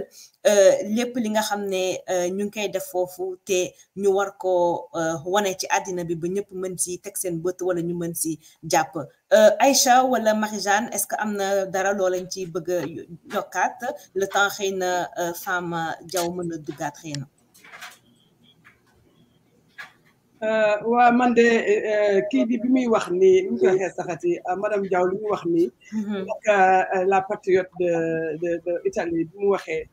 euh, lépp li nga xam ne euh, ñu ngi koy def foofu te ñu war koo euh, wane ci àddina bi ba ñëpp mën si teg seen bët wala ñu mën si jàpp Aïcha wala Marie-Jeanne est-ce que am na dara loo lañ ci bëgg a le temps xëy na Fama Diaw mën a duggaat na Euh, wa man de euh, kii bi bi muy wax ni nu mu koy waxee saxati euh, madame Diaw mu wax nii. Mm-hmm. la patriote de de de Italie bi mu waxee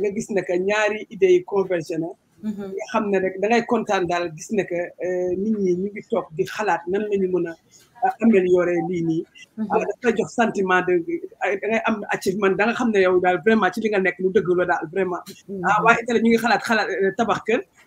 nga gis ne que ñaari idées yi convergé mm-hmm. nga xam ne rek da ngay kontaan daal gis ne que nit ñi ñu ngi toog di xalaat nan la ñu mën a améliorer lii nii. Mm-hmm. dafa jox sentiment de da am achievement da xam ne yow daal vraiment ci li nga nekk lu dëgg la daal vraiment. Ah, waaye Italie ñu ngi xalaat xalaat tabax kër.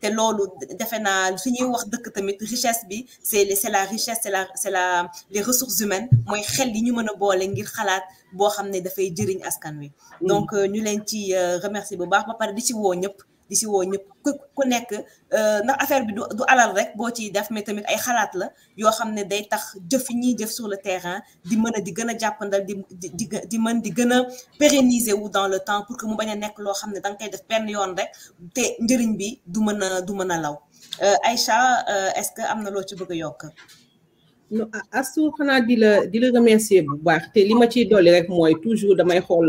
te loolu defe naa su wax dëkk tamit richesse bi c'est c'est la richesse c'est la c'est la les ressources humaines moy xel li ñu mëna bolé ngir xalaat bo xamné da fay jëriñ askan wi mm. donc euh, ñu leen ci euh, remercier bu baax ba pare di ci wo ñëpp di si ku ku nekk euh, ndax affaire bi du du alal rek boo ciy def mais tamit ay xalaat la yoo xam ne day tax jëf yi jëf sur le terrain di mën a di gën a jàppandal di di di mën di gën a pérenniser wu dans le temps pour que mu bañ a nekk loo xam ne da nga koy def benn yoon rek te njëriñ bi du mën a du mën a law euh, Aïcha euh, est-ce que am na loo ci bëgg a yokk. non ah, Astou xanaa di la di la remercier bu baax te li ma ciy dolli rek mooy toujours damay xool.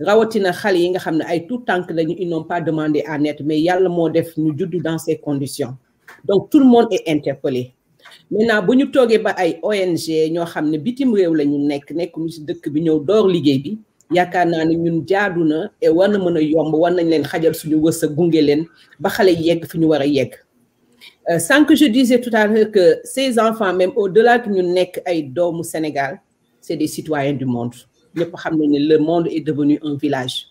rawatina xale yi nga xam ne ay tout tank lañu ils n'ont pas demandé à net mais yàlla moo def ñu judd dans ces conditions donc tout le monde est interpellé maintenant bu ñu toogee ba ay ONG ñoo xam ne bitim réew la nekk nekk ñu si dëkk bi ñëw door liggéey bi yaakaar naa ne ñun jaadu na et war na mën a yomb war nañ leen xajal suñu wërsëg gunge leen ba xale yegg fi ñu war a yegg euh, sans que je disais tout à l'heure que ces enfants même au delà que ñu nekk ay doomu Sénégal c'est des citoyens du monde le monde est devenu un village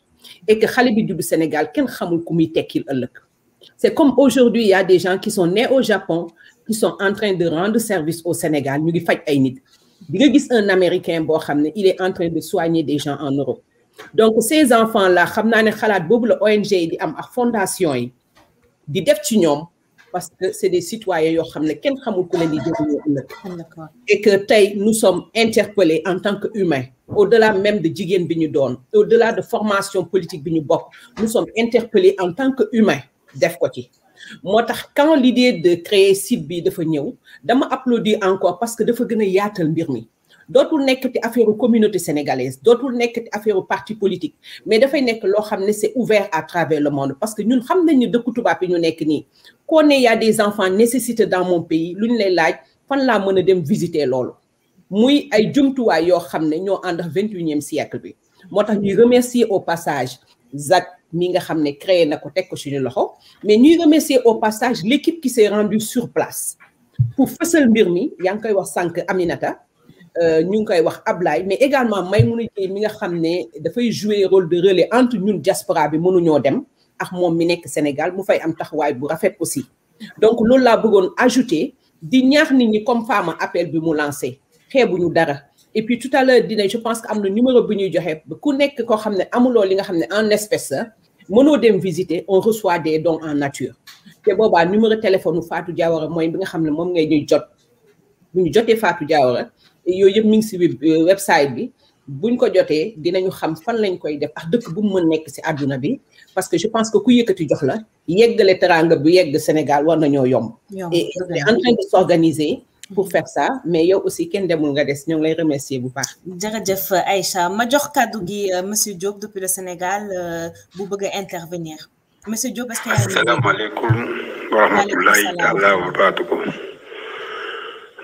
et que xale bi Sénégal kenn xamul ku muy c'est comme aujourd'hui il y a des gens qui sont nés au Japon qui sont en train de rendre service au Sénégal ñu ngi faj ay nit un Américain il est en train de soigner des gens en Europe donc ces enfants là xam naa ne xalaat la ONG yi di am fondation yi di parce que c'est des citoyens qui xam ne les et que nous sommes interpellés en tant qu'humains. au-delà même de la au-delà de formation politique nous sommes interpellés en tant qu'humains. quand l'idée de créer site bi dafa ñëw dama encore parce que dafa gën a yaatal mbir D'autres dootul nekk ci affaire communauté sénégalaise communautés nekk ci affaire parti politique mais dafay nekk loo xam c'est ouvert à travers le monde parce que nous xam nañ ne dëkku tubaab yi ñu koo il y a des enfants nécessité dans mon pays l'une ñu lay laaj fan la mën dem visiter loolu muy ay jumtuwaay yo xam ño ñoo 21e siècle bi motax ñuy remercier au passage Zach mi nga xam ne créé na ko ko suñu loxo mais ñuy remercier au passage l'équipe qui s'est rendue sur place pour fessel mbir mi yaa koy wax sank Aminata euh, ñu ngi koy wax ablay mais également Maimouna Dièye mi nga xam da fay jouer rôle de relais entre ñun diaspora bi ñoo dem ak moom mi nek Sénégal mu fay am taxawaay bu rafet aussi donc loolu la bëggoon ajouter di ñaax nit ñi comme femme appel bi mu lancé xeebuñu dara et puis tout à l'heure dina je pense que am na numéro bi ñuy joxe ku nek ko xamné ne amuloo li nga xamné en espèce mëno dem visiter on reçoit des dons en nature té boobaa numéro téléphone Fatou Diawara moy bi nga xamné mom ngay ñuy jot bu ñu jotee Fatou Diawara yooyu yëpp mi ngi si euh, website bi buñ ko jotee dinañu xam fan lañ koy def ak dëkk bu mu mën nekk si àdduna bi parce que je pense que tu dis jox la yeggale teranga bu yegg Sénégal war nañoo yomb. et on est en train de s'organiser pour mm-hmm. faire ça mais yow aussi ken demul nga dess ñoo lay remercier bu baax. jërëjëf Aïcha ma jox cadeau gi euh, monsieur Diop depuis le Sénégal euh, bu bëgg intervenir monsieur Diop est-ce que. asalaamaaleykum wa rahmatullahi taala wa barakatuh.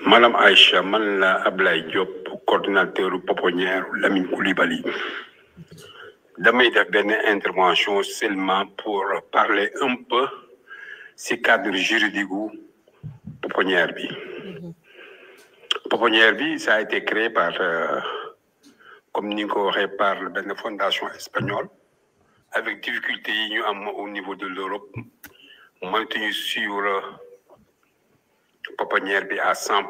madame Aïcha man la ablay Diop coordinateur pouponnière Lamine Koulibaly y faire une intervention seulement pour parler un peu ce cadre juridique de mhm. pouponnière bi. ça a été créé par la euh, fondation espagnole avec difficulté au niveau de l'Europe maintenu sur pouponnière à 100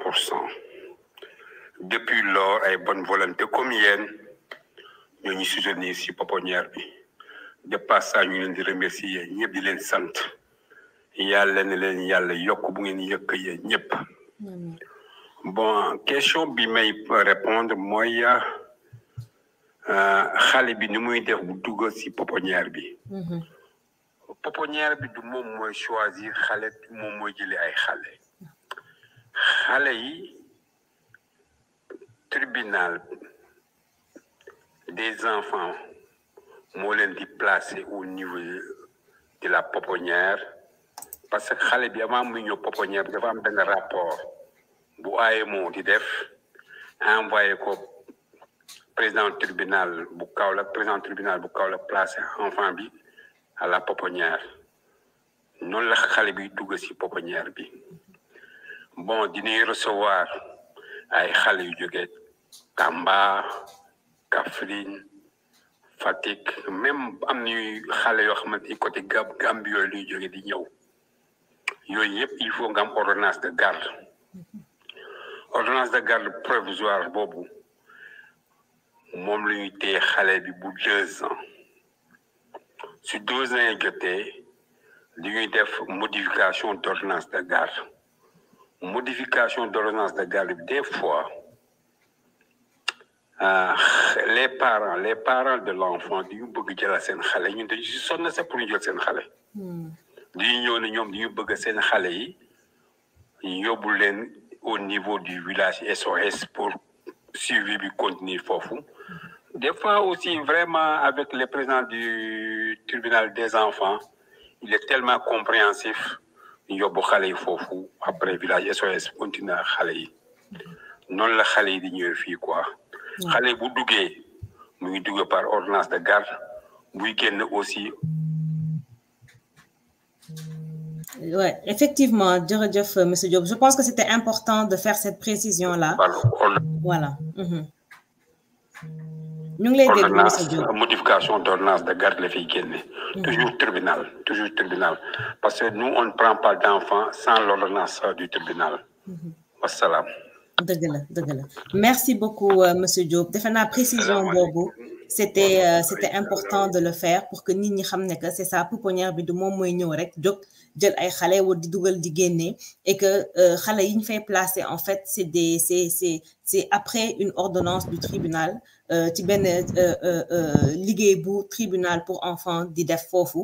depuis lors une bonne volonté comme ñoo ñu soutenir si bi de passage ñu leen di remercier ñëpp di leen sant yàlla ne leen yàlla yokk bu ngeen yëkk ñëpp bon question bi may répondre mooy euh, xale bi ni muy def bu si bi mhm. bi du moom mooy choisir xale moom mooy ay xale yi tribunal des enfants moo leen placer au niveau de la pouponnière parce que bi avant de la pouponnière dafa rapport envoyé le président tribunal tribunal bu placer placé enfant à la pouponnière non la bi ci pouponnière bon recevoir ay yu Tamba. Kaffrine Fatick même am nañu xale yoo xamante côté gab Gambie yooyu luy di ñew yooyu yépp il faut nga am ordonnance de garde ordonnance de garde provisoire bobu mom la ñuy téye xalé bi bu deux ans su deux ans yi li ñuy def modification d'ordonnance de garde modification d'ordonnance de garde des fois ah, les parents les parents de l'enfant, du dañu bëgg jëlaat seen xale ñun dañu si sonn sax pour ñu jël seen xale. Hmm. dañuy ñëw ne ñoom dañu bëgg seen xale yi yóbbu au niveau du village SOS pour suivi bi continuer foofu. des fois aussi vraiment avec le président du tribunal des enfants il est tellement compréhensif ñu yóbbu xale yi foofu après village SOS continuer xale yi hmm. Non la xale di ñëw quoi xale bu duggee mu ngi par ordonnance de garde buy génn aussi. Oui, effectivement, jërëjëf, monsieur Diop. Je pense que c'était important de faire cette précision-là. Voilà. Mhm. Nous l'avons modification d'ordonnance de garde les filles mmh. Toujours tribunal, toujours tribunal. Parce que nous, on ne prend pas d'enfants sans l'ordonnance du tribunal. Mhm. Wassalam dëgg la dëgg la merci beaucoup euh, monsieur Diop Défendre précision Bobo. c'était euh, c'était important de le faire pour que Nini ñi que c'est ça pouponnière bi du moom mooy ñëw rek jóg jël ay xale war di dugal di et que euh, xale une fait placer en fait c'est des c'est c'est c'est après une ordonnance du tribunal ci ben ligue bu tribunal pour enfants di def foofu.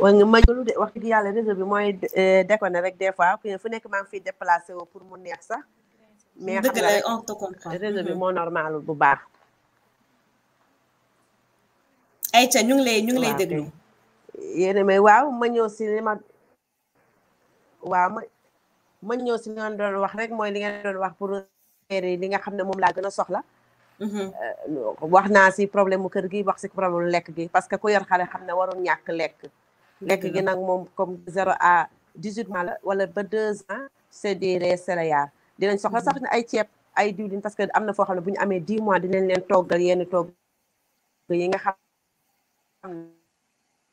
ma jëlu de wax dëgg yàlla réseau bi mooy euh, déconné rek des fois fu nekk maa ngi fiy déplacé pour mu neex sax. mais xam nga on te mhm. bu baax. Aïcha ñu ngi lay ñu waaw ma ñëw si li ma waaw ma ma ñëw si li nga doon wax rek mooy li nga doon wax pour li nga xam ne moom laa gën a soxla. Mhm. Euh, wax naa si problème mu kër gi wax si problème mu lekk gi parce que ku yor xale xam ne warul ñàkk lekk. lekk gi nag moom comme zéro à dix-huit la wala ba deux ans c'est des riz céréales dinañ soxla sax mm-hmm. ay ceeb ay diwlin parce que am na foo xam ne bu ñu amee dix mois dinañ leen toggal yenn togg yi nga xam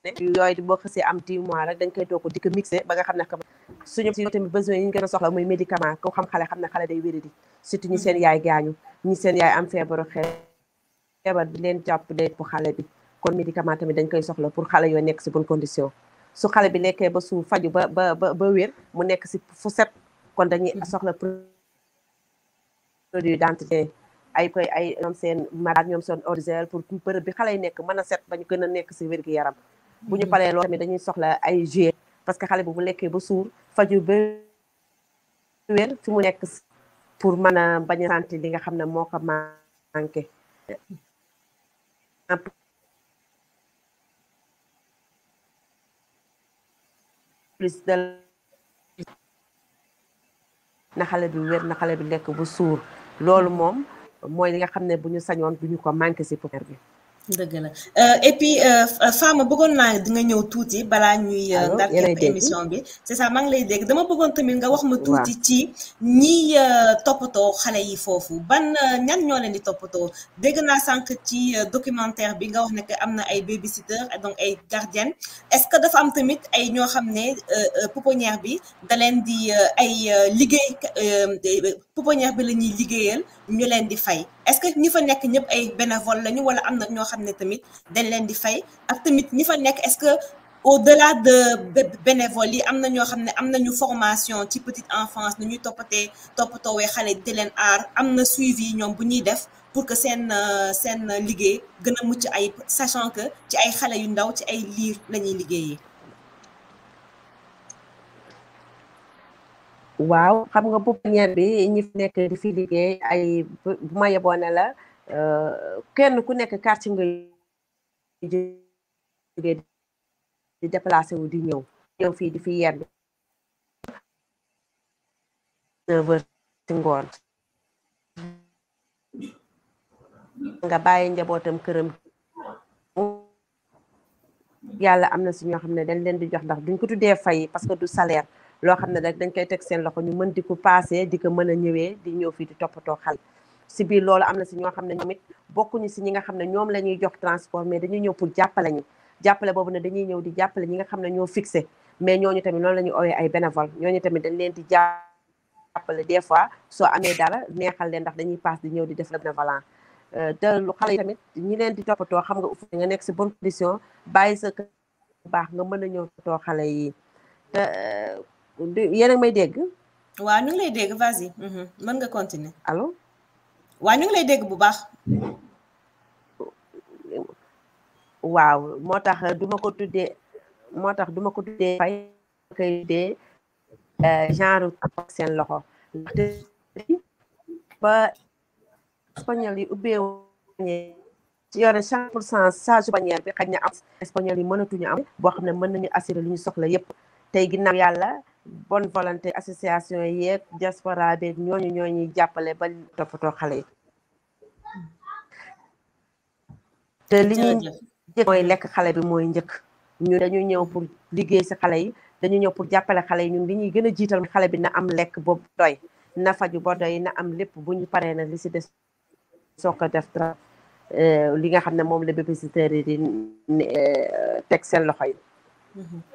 ne yooyu boo xësee am dix mois rek dañ koy togg di ko mixé ba nga xam ne suñu si tamit besoin yi ñu gën a soxla mooy médicament ko xam xale xam ne xale day wéri di surtout ñi seen mm-hmm. yaay gaañu ñi seen yaay am feebaru xel feebar bi leen jàpp leen bu xale bi kon médicament tamit dañ koy soxla pour xalé yo nek ci bonne condition su xalé bi nekké ba su faju ba ba ba ba mu nek ci fu set kon dañuy mm-hmm. soxla produit d'entretien ay koy ay ñom seen malade ñom seen ordisel pour bërëb bi xalé yi nekk mën set bañ gëna gën a nekk si wér gi yaram bu ñu mm-hmm. paree loolu tamit dañuy soxla ay jus parce que xalé bu bu lekké ba sour faju ba wér fi mu nekk pour mëna bañ santé li nga xamné moko manké plus de na xale bi wér na xale bi lekk bu suur loolu moom mooy li nga xam ne bu ñu sañoon du ñu ko manqué si pouponnière bi dëgg la euh, et puis euh, Fama bëggoon naa di nga ñëw tuuti balaa ñuy euh, dar émission bi c'est ça maa ngi lay dégg dama bëggoon tamit nga wax ma tuuti ci ñiy toppatoo xale yi foofu ban ñan ñoo leen di toppatoo dégg naa sànq ci documentaire bi nga wax ne que am na ay babysitter donc ay gardienne est-ce que dafa am tamit ay ñoo xam ne pouponnière bi da leen di ay liggéey pouponnière bi la ñuy liggéeyal ñu leen di fay est-ce que ñi fa nekk ñëpp ay bénévole lañu wala am na ñoo xam ne tamit dañ leen di fay ak tamit ñi fa nekk est-ce que au-delà de bénévole yi am na ñoo xam ne am nañu formation ci petite enfance nu ñuy toppatee toppatoowee xale di leen aar am na suivi ñoom bu ñuy def pour que seen seen liggéey gën a mucc ay sachant que ci ay xale yu ndaw ci ay liir lañuy ñuy liggéeyee. waaw xam nga pouponnière bi ñi fi nekk di fi liggéey ay bu ma yeboone la euh, kenn ku nekk quartier nga jógee di déplacé wu di ñëw ñëw fii di fi yendu neuf heures ci ngoon nga bàyyi njabootam këram yàlla am na si ñoo xam ne dañ leen di jox ndax duñ ko tuddee fay parce que du salaire loo xam ne rek dañ koy teg seen loxo ñu mën di ko paasee di ko mën a ñëwee di ñëw fii di toppatoo xale si biir loolu am na si ñoo xam ne ñoom it bokkuñu si ñi nga xam ne ñoom la ñuy jox transport mais dañuy ñëw pour jàppale ñi jàppale boobu ne dañuy ñëw di jàppale ñi nga xam ne ñoo fixé mais ñooñu tamit noonu la oowee ay bénévole ñooñu tamit dañ leen di jàppale des fois soo amee dara neexal leen ndax dañuy paas di ñëw di def la bénévolat euh, te lu xale yi tamit ñi leen di toppatoo xam nga uffe nga nekk si bonne condition bàyyi sa kër baax nga mën a ñëw toppatoo xale yi euh, yéen may dégg. waaw ñu ngi lay dégg vas mhm. mën nga continuer. allo. waaw dégg bu baax. waaw moo tax duma ma ko tuddee moo tax duma ko tuddee fay koy tuddee euh, genre seen loxo ndaxte ba espagnol yi ubbee yore cent pour cent sage bannière bi xañ na am espagnol yi mënatuñu am boo xam ne mën nañu assurer lu ñu soxla yépp tey ginnaaw yàlla bon volonté association yeeg diaspora beeg ñooñu ñooñuy jàppale ba toppatoo xale yi te li ñuy njëkk mooy lekk xale bi mooy njëkk ñu dañu ñëw pour liggéey si xale yi dañu ñëw pour jàppale xale yi ñun li ñuy gën a jiital xale bi na am lekk boobu doy na faju ba doy na am lépp bu ñu paree nag li si des soo ko def dara euh, li nga xam ne moom la babysitter yi euh, teg seen loxo yi mm-hmm.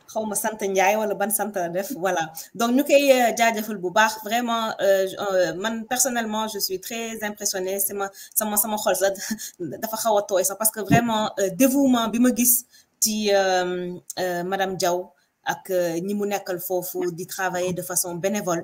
xaw ma sant Ndiaye wala ban sant la def voilà donc ñu koy euh, jaajëfal bu baax vraiment euh, euh, man personnellement je suis très impressionnée sama sama sama xol sax dafa xaw a tooy sax parce que vraiment dévouement bi ma gis ci madame Diaw ak ñi mu nekkal foofu di travailler de façon bénévole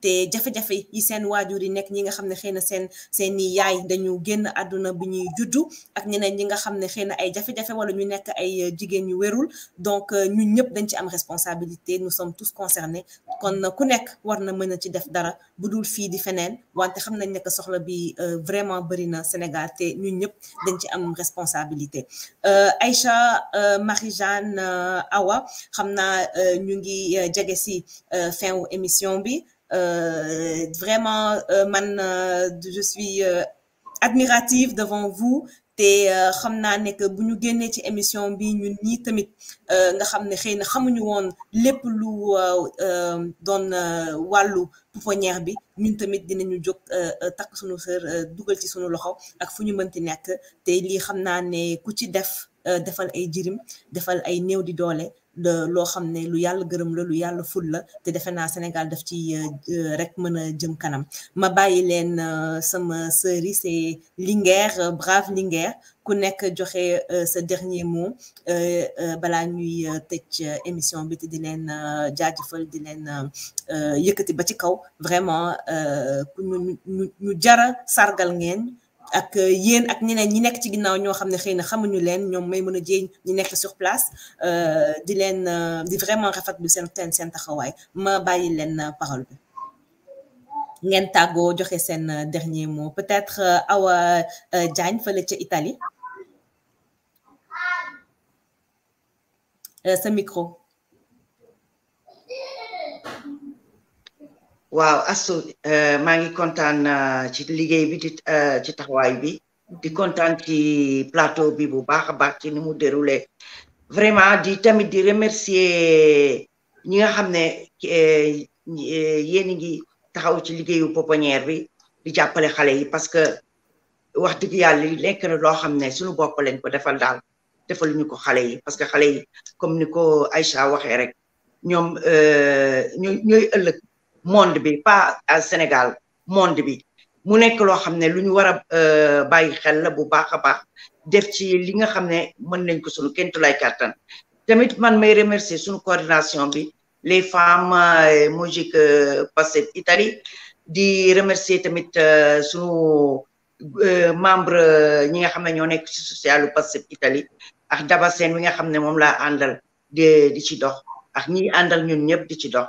té jafé jafé yi seen waajur nek nekk ñi nga xam ne seen seen i yaay dañu génn aduna bi ñuy juddu ak ñeneen ñi nga xam ne ay jafé jafé wala ñu nek ay jigéen ñu wérul donc euh, ñun ñëpp dañ ci am responsabilité nous sommes tous concernés kon ku nek war na mëna ci def dara budul fi di feneen wante xam nañ ne que soxla bi euh, vraiment bari na Sénégal té ñun ñëpp dañ ci am responsabilité euh Aïcha euh, Marie-Jeanne Awa xamna naa ñu ngi jege si fin wu émission bi euh, vraiment, euh, man, euh, je suis admirative devant vous. te xam naa ne que ci émission bi ñun ñii tamit nga xam ne xëy na xamuñu woon lépp lu doon wàllu pouponnière bi ñun tamit dinañu jóg takk suñu sër dugal ci suñu loxo ak fu ñu mënti nekk te li xam naa ne ku ci def defal ay jirim defal ay néew di doole le lo xamné lu yalla gërëm la lu yalla ful la te defena naa Sénégal daf ci euh, euh, rek mën jëm kanam ma bàyyi len euh, sama sœur yi c'est Linguère brave Linguère ku nekk joxé ce dernier mot bala ñuy tecc émission bi te di len jaajëfal di leen yëkëti ba ci kaw vraiment euh ñu ñu jara sargal ngeen ak euh, yéen ak ñeneen ñi nekk ci ginnaaw ñoo xam ne xamuñu leen may ñi sur place euh, di leen euh, di vraiment rafetlu ma parole bi ngeen tàggoo dernier mot peut-être Awa Diagne fële ca Italie sa micro. waaw asu eh, maa ngi kontaan eh, ci liggéey bi eh, ci taxawaay bi di kontaan ci plateau bi bu baax a baax ci ni mu déroulé vraiment di tamit di remercier ñi nga xam ne yéen ngi taxaw ci liggéeyu pouponnière bi di jàppale xale yi parce que wax dëgg yàlla li nekk loo xam ne sunu bokk lañ ko defal daal defal ñu ko xale yi parce que xale yi comme ni ko Aïcha waxee rek ñoom ñooy ñooy ëllëg monde bi pas à Sénégal monde bi mu nek lo xam lu ñu a euh, bàyyi xel la bu baax baax def ci li nga xam ne mën nañ ko sunu kentu lay kàttan tamit man may remercier sunu coordination bi les femmes euh, musique euh, passé Italie di remercier tamit sunu membre ñi nga xam ne ñoo nekk ci social passé Italie ak Daba Sène wi nga xam mom la andal di ci dox ak ñi andal ñun ñëpp di ci dox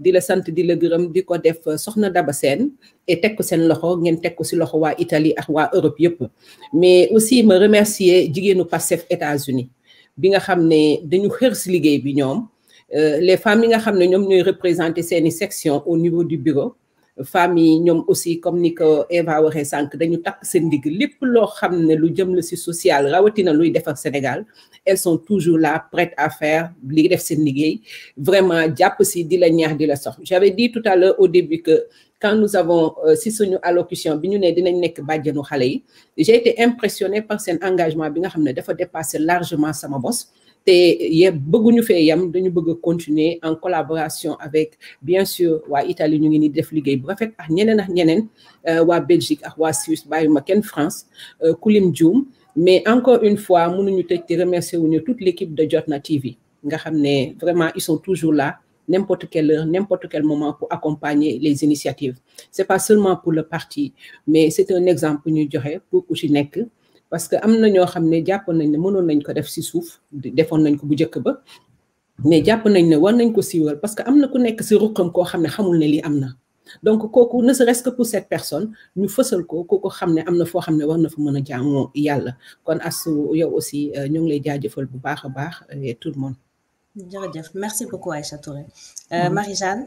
di la sante di la gërëm di ko def euh, soxna Daba et teg ko seen loxo ngeen ko loxo wa Italie ak wa Europe mais aussi me remercier jigéenu passef États-Unis bi nga xamné dañu xër liggéey bi euh, les femmes yi nga xamné ñom ñoy représenter section au niveau du bureau famille ñom aussi comme ni ko Eva waxee sank dañu tak seen dig lepp lo xamné lu jëm le ci social na luy defar Sénégal elles sont toujours là prêtes à faire li def seen liguey vraiment japp si di la ñaax di la sox j'avais dit tout à l'heure au début que quand nous avons si euh, suñu allocution bi ñu né dinañ nek bàjjanu xalé yi j'ai été impressionné par seen engagement bi nga xamné dafa dépasser largement sama boss te ye bëgguñu fee yam dañu nous continuer en collaboration avec bien sûr l'Italie, Italie ñu ngi ni def liggéey bu rafet ak euh, Belgique ak Suisse France euh, kulim mais encore une fois nous devons remercier toute l'équipe de Jotna TV vraiment ils sont toujours là n'importe quelle heure, n'importe quel moment pour accompagner les initiatives. Ce n'est pas seulement pour le parti, mais c'est un exemple pour nous durer, pour Kouchinek, parce que am na ñoo ne nañ ne mënoon nañ ko def si suuf nañ ko mais nañ parce que ku xamul donc ne serait-ce que pour cette personne ñu fësal ko war na fa a kon aussi euh, lay bu baax et tout le monde merci beaucoup Aïcha Touré euh, mm-hmm. Marie-Jeanne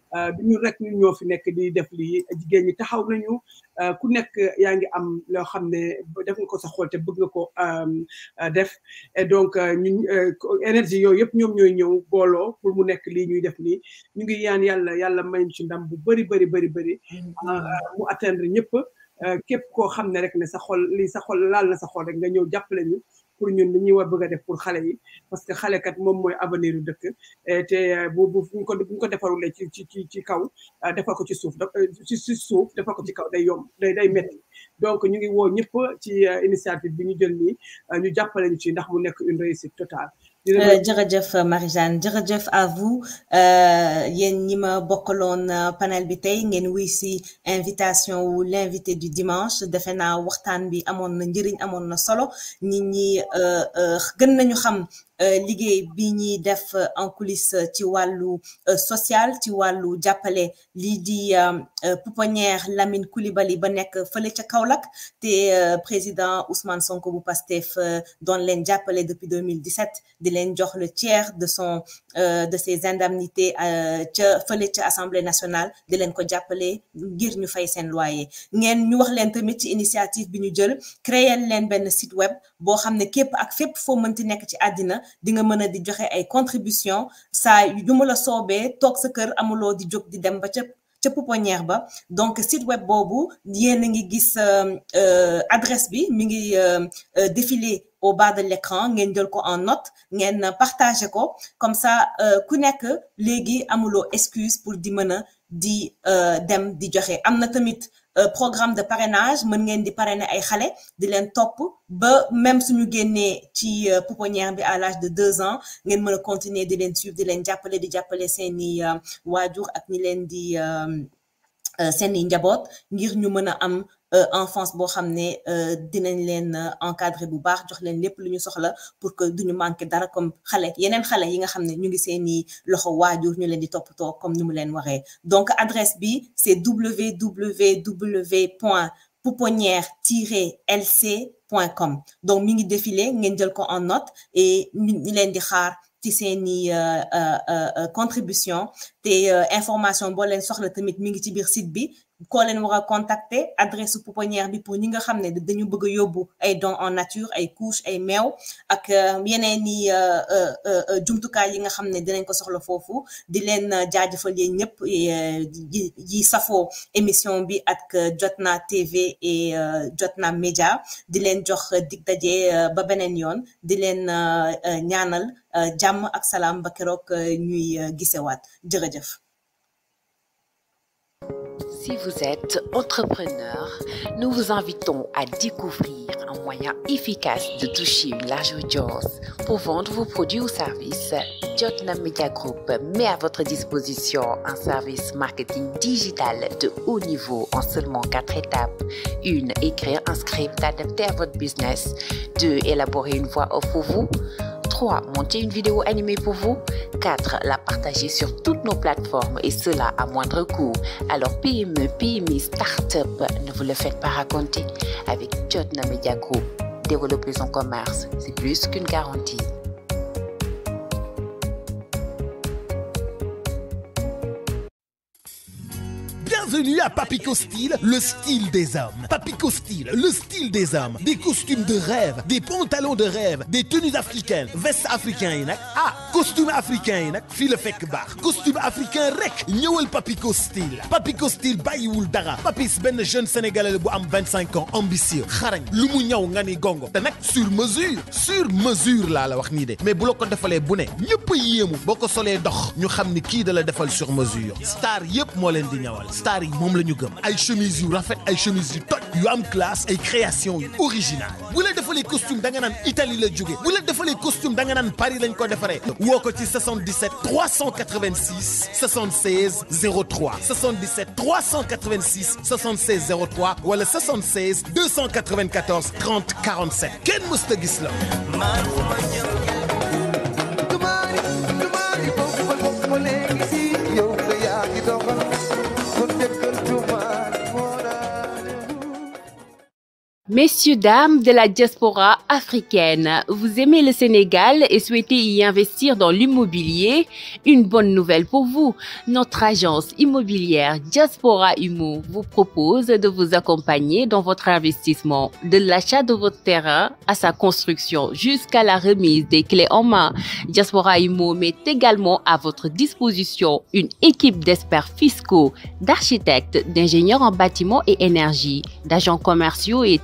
Euh, du ñu rek ñun ñoo fi nekk di def lii jigéen ñi taxaw nañu euh, ku nekk yaa ngi am loo xam ne def nga ko sa xool te bëgg nga ko euh, def et donc ñun énergie yooyu yëpp ñoom ñooy ñëw booloo pour mu nekk lii ñuy def nii ñu ngi yaan yàlla yàlla may ci ndam bu bëri bëri bëri bëri mm-hmm. mu atteindre ñëpp képp koo xam ne rek ne sax xol lii sa xol laal na sa xol rek nga ñëw jàpp lañu pour ñun li ñuy war bëgg a def pour xale yi parce que xale kat moom mooy avenir yu dëkk eh, te eh, bu bu buñ ko buñ ko defarulee ci ci ci kaw eh, defal ko ci suuf ci ci suuf defal ko ci kaw day yomb day day métti donc ñu ngi woo ñëpp ci initiative bi ñu jël nii ñu jàppale ñu ci ndax mu nekk une réussite totale jërëjëf euh, euh, Marie-Jeanne jërëjëf à vous euh, yéen ñi ma bokkaloon panel bi tey ngeen wuy si invitation wu l'invité du dimanche defe naa waxtaan bi amoon na njëriñ amoon na solo nit ñi gën nañu xam euh, Liguez bi ñuy def euh, en coulisse euh, ci walu social ci walu jàppale di pouponnière Lamine Coulibaly ba nek feulé t'É Kaolack té président Ousmane Sonko bu Pastef don l'En jàppale depuis 2017 de l'En jox le tiers de son de ses indemnités ca fële assemblée nationale de l'En ko jàppale ngir ñu fay sen loyer ngén ñu wax len tamit ci initiative bi ñu jël créer len site web bo xamné képp ak fépp fo mënti nek ci di nga mën di joxe ay contribution ça yu mu la sobé tok sa kër amulo di jóg di dem ba ca ca pouponnière ba donc site web bobu yéen a ngi gis euh, euh, adresse bi mi ngi euh, défilé au bas de l'écran ngeen jël ko en note ngeen partager ko comme ça ku nek légui amulo excuse pour di mën di di dem di joxe amna tamit Euh, programme de parrainage mën ngeen di parrainer ay xale di leen topp ba même suñu génnee ci euh, pouponnière bi à l'âge de deux ans ngeen mën a continuer di leen suivre di leen jàppale di jàppale seeni euh, waajur ak ñi leen di seeni njaboot ngir ñu mën a am Euh, enfance bo xamné euh dinañ leen euh, encadrer bu baax jox leen lépp lu ñu soxla pour que duñu manqué dara comme xalé yenen xalé yi nga xamné ñu ngi seeni loxo wajur ñu leen di toppatoo comme ni mu leen waxé donc adresse bi c'est www point pouponnière lc donc mi ngi défilé ngeen jël ko en note et ñu leen di xaar ci seeni euh, euh, euh, euh contribution te information bo leen soxla tamit mi ngi ci biir site bi koo leen war a contacter adresse pouponnière bi pour ñi nga xam ne dañu bëgg a yóbbu ay dons en nature ay couches ay meew ak euh, yeneen i euh, euh, jumtukaay yi nga xam ne dinañ ko soxla foofu di leen jaajëfal yéen ñëpp yi safoo émission bi ak Jotna TV et Jotna media di leen jox dig daje ba beneen yoon di leen ñaanal jàmm ak salaam ba keroog ñuy gisewaat jërëjëf. Si vous êtes entrepreneur, nous vous invitons à découvrir un moyen efficace de toucher une large audience pour vendre vos produits ou services. Jotna Media Group met à votre disposition un service marketing digital de haut niveau en seulement quatre étapes. Une, Écrire un script adapté à votre business. Deux, Élaborer une voix off pour vous. 3. Monter une vidéo animée pour vous. 4. La partager sur toutes nos plateformes et cela à moindre coût. Alors PME, start e Startup, ne vous le faites pas raconter. Avec Jotna Media Group, développer son commerce, c'est plus qu'une garantie. Bienvenue à Papico Style, le style des hommes. Papico Style, le style des hommes. Des costumes de rêve, des pantalons de rêve, des tenues africaines, vestes africaines ah costume africain yi bar. fii costume africain rek ñëwal Papico Style. Papico Style bàyyiwul dara Papis Ben, jeune sénégalais bu am 25 ans ambitieux xarañ lu mu ñaw gongo te sur mesure sur mesure là la wax mais bu de ko bonnet bu ne ñëpp a yéemu boo ko solee dox ñu xam ni la sur mesure star yëpp moi, leen Massar mom lañu gëm ay chemise yu rafet ay chemise yu toj yu am classe ay création originale original bu la costume da nga nan Italie la jóge bu la costume da nga nan Paris lañ ko défaré woko ci 77 386 76 03 77 386 76 03 wala 76 294 30 47 Ken musta gis la Messieurs, dames de la diaspora africaine, vous aimez le Sénégal et souhaitez y investir dans l'immobilier Une bonne nouvelle pour vous. Notre agence immobilière Diaspora Humo vous propose de vous accompagner dans votre investissement, de l'achat de votre terrain à sa construction jusqu'à la remise des clés en main. Diaspora Humo met également à votre disposition une équipe d'experts fiscaux, d'architectes, d'ingénieurs en bâtiment et énergie, d'agents commerciaux et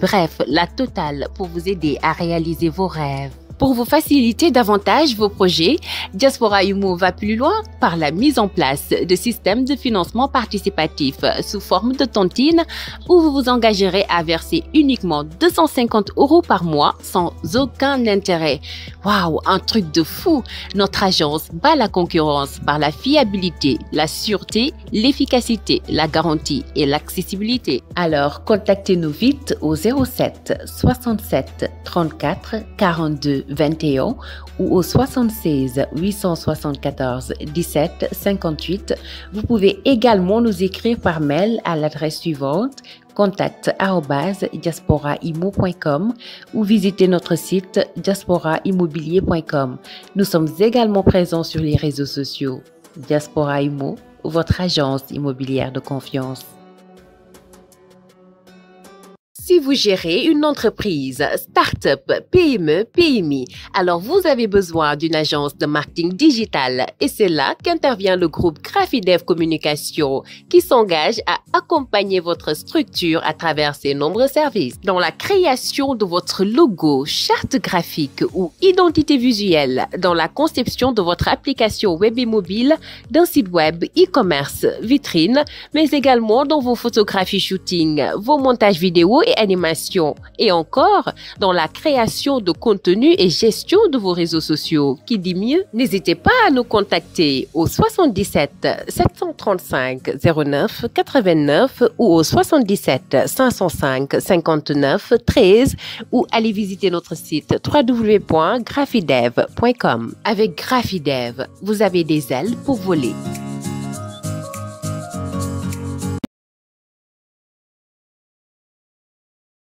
bref, la totale pour vous aider à réaliser vos rêves. Pour vous faciliter davantage vos projets, Diaspora Humo va plus loin par la mise en place de systèmes de financement participatif sous forme de tontine où vous vous engagerez à verser uniquement 250 euros par mois sans aucun intérêt. Waouh, un truc de fou! Notre agence bat la concurrence par la fiabilité, la sûreté, l'efficacité, la garantie et l'accessibilité. Alors, contactez-nous vite au 07 67 34 42 21 ou au 76 874 17 58. Vous pouvez également nous écrire par mail à l'adresse suivante contact@diasporaimmo.com ou visiter notre site diasporaimmobilier.com. Nous sommes également présents sur les réseaux sociaux. Diaspora Immo, votre agence immobilière de confiance. Si vous gérez une entreprise, start-up, PME, PMI, alors vous avez besoin d'une agence de marketing digital et c'est là qu'intervient le groupe Graphidev Communication qui s'engage à accompagner votre structure à travers ses nombreux services. Dans la création de votre logo, charte graphique ou identité visuelle, dans la conception de votre application web et mobile, d'un site web, e-commerce, vitrine, mais également dans vos photographies shooting, vos montages vidéo et animation et encore dans la création de contenu et gestion de vos réseaux sociaux. Qui dit mieux N'hésitez pas à nous contacter au 77 735 09 89 ou au 77 505 59 13 ou allez visiter notre site www.graphidev.com. Avec Graphidev, vous avez des ailes pour voler.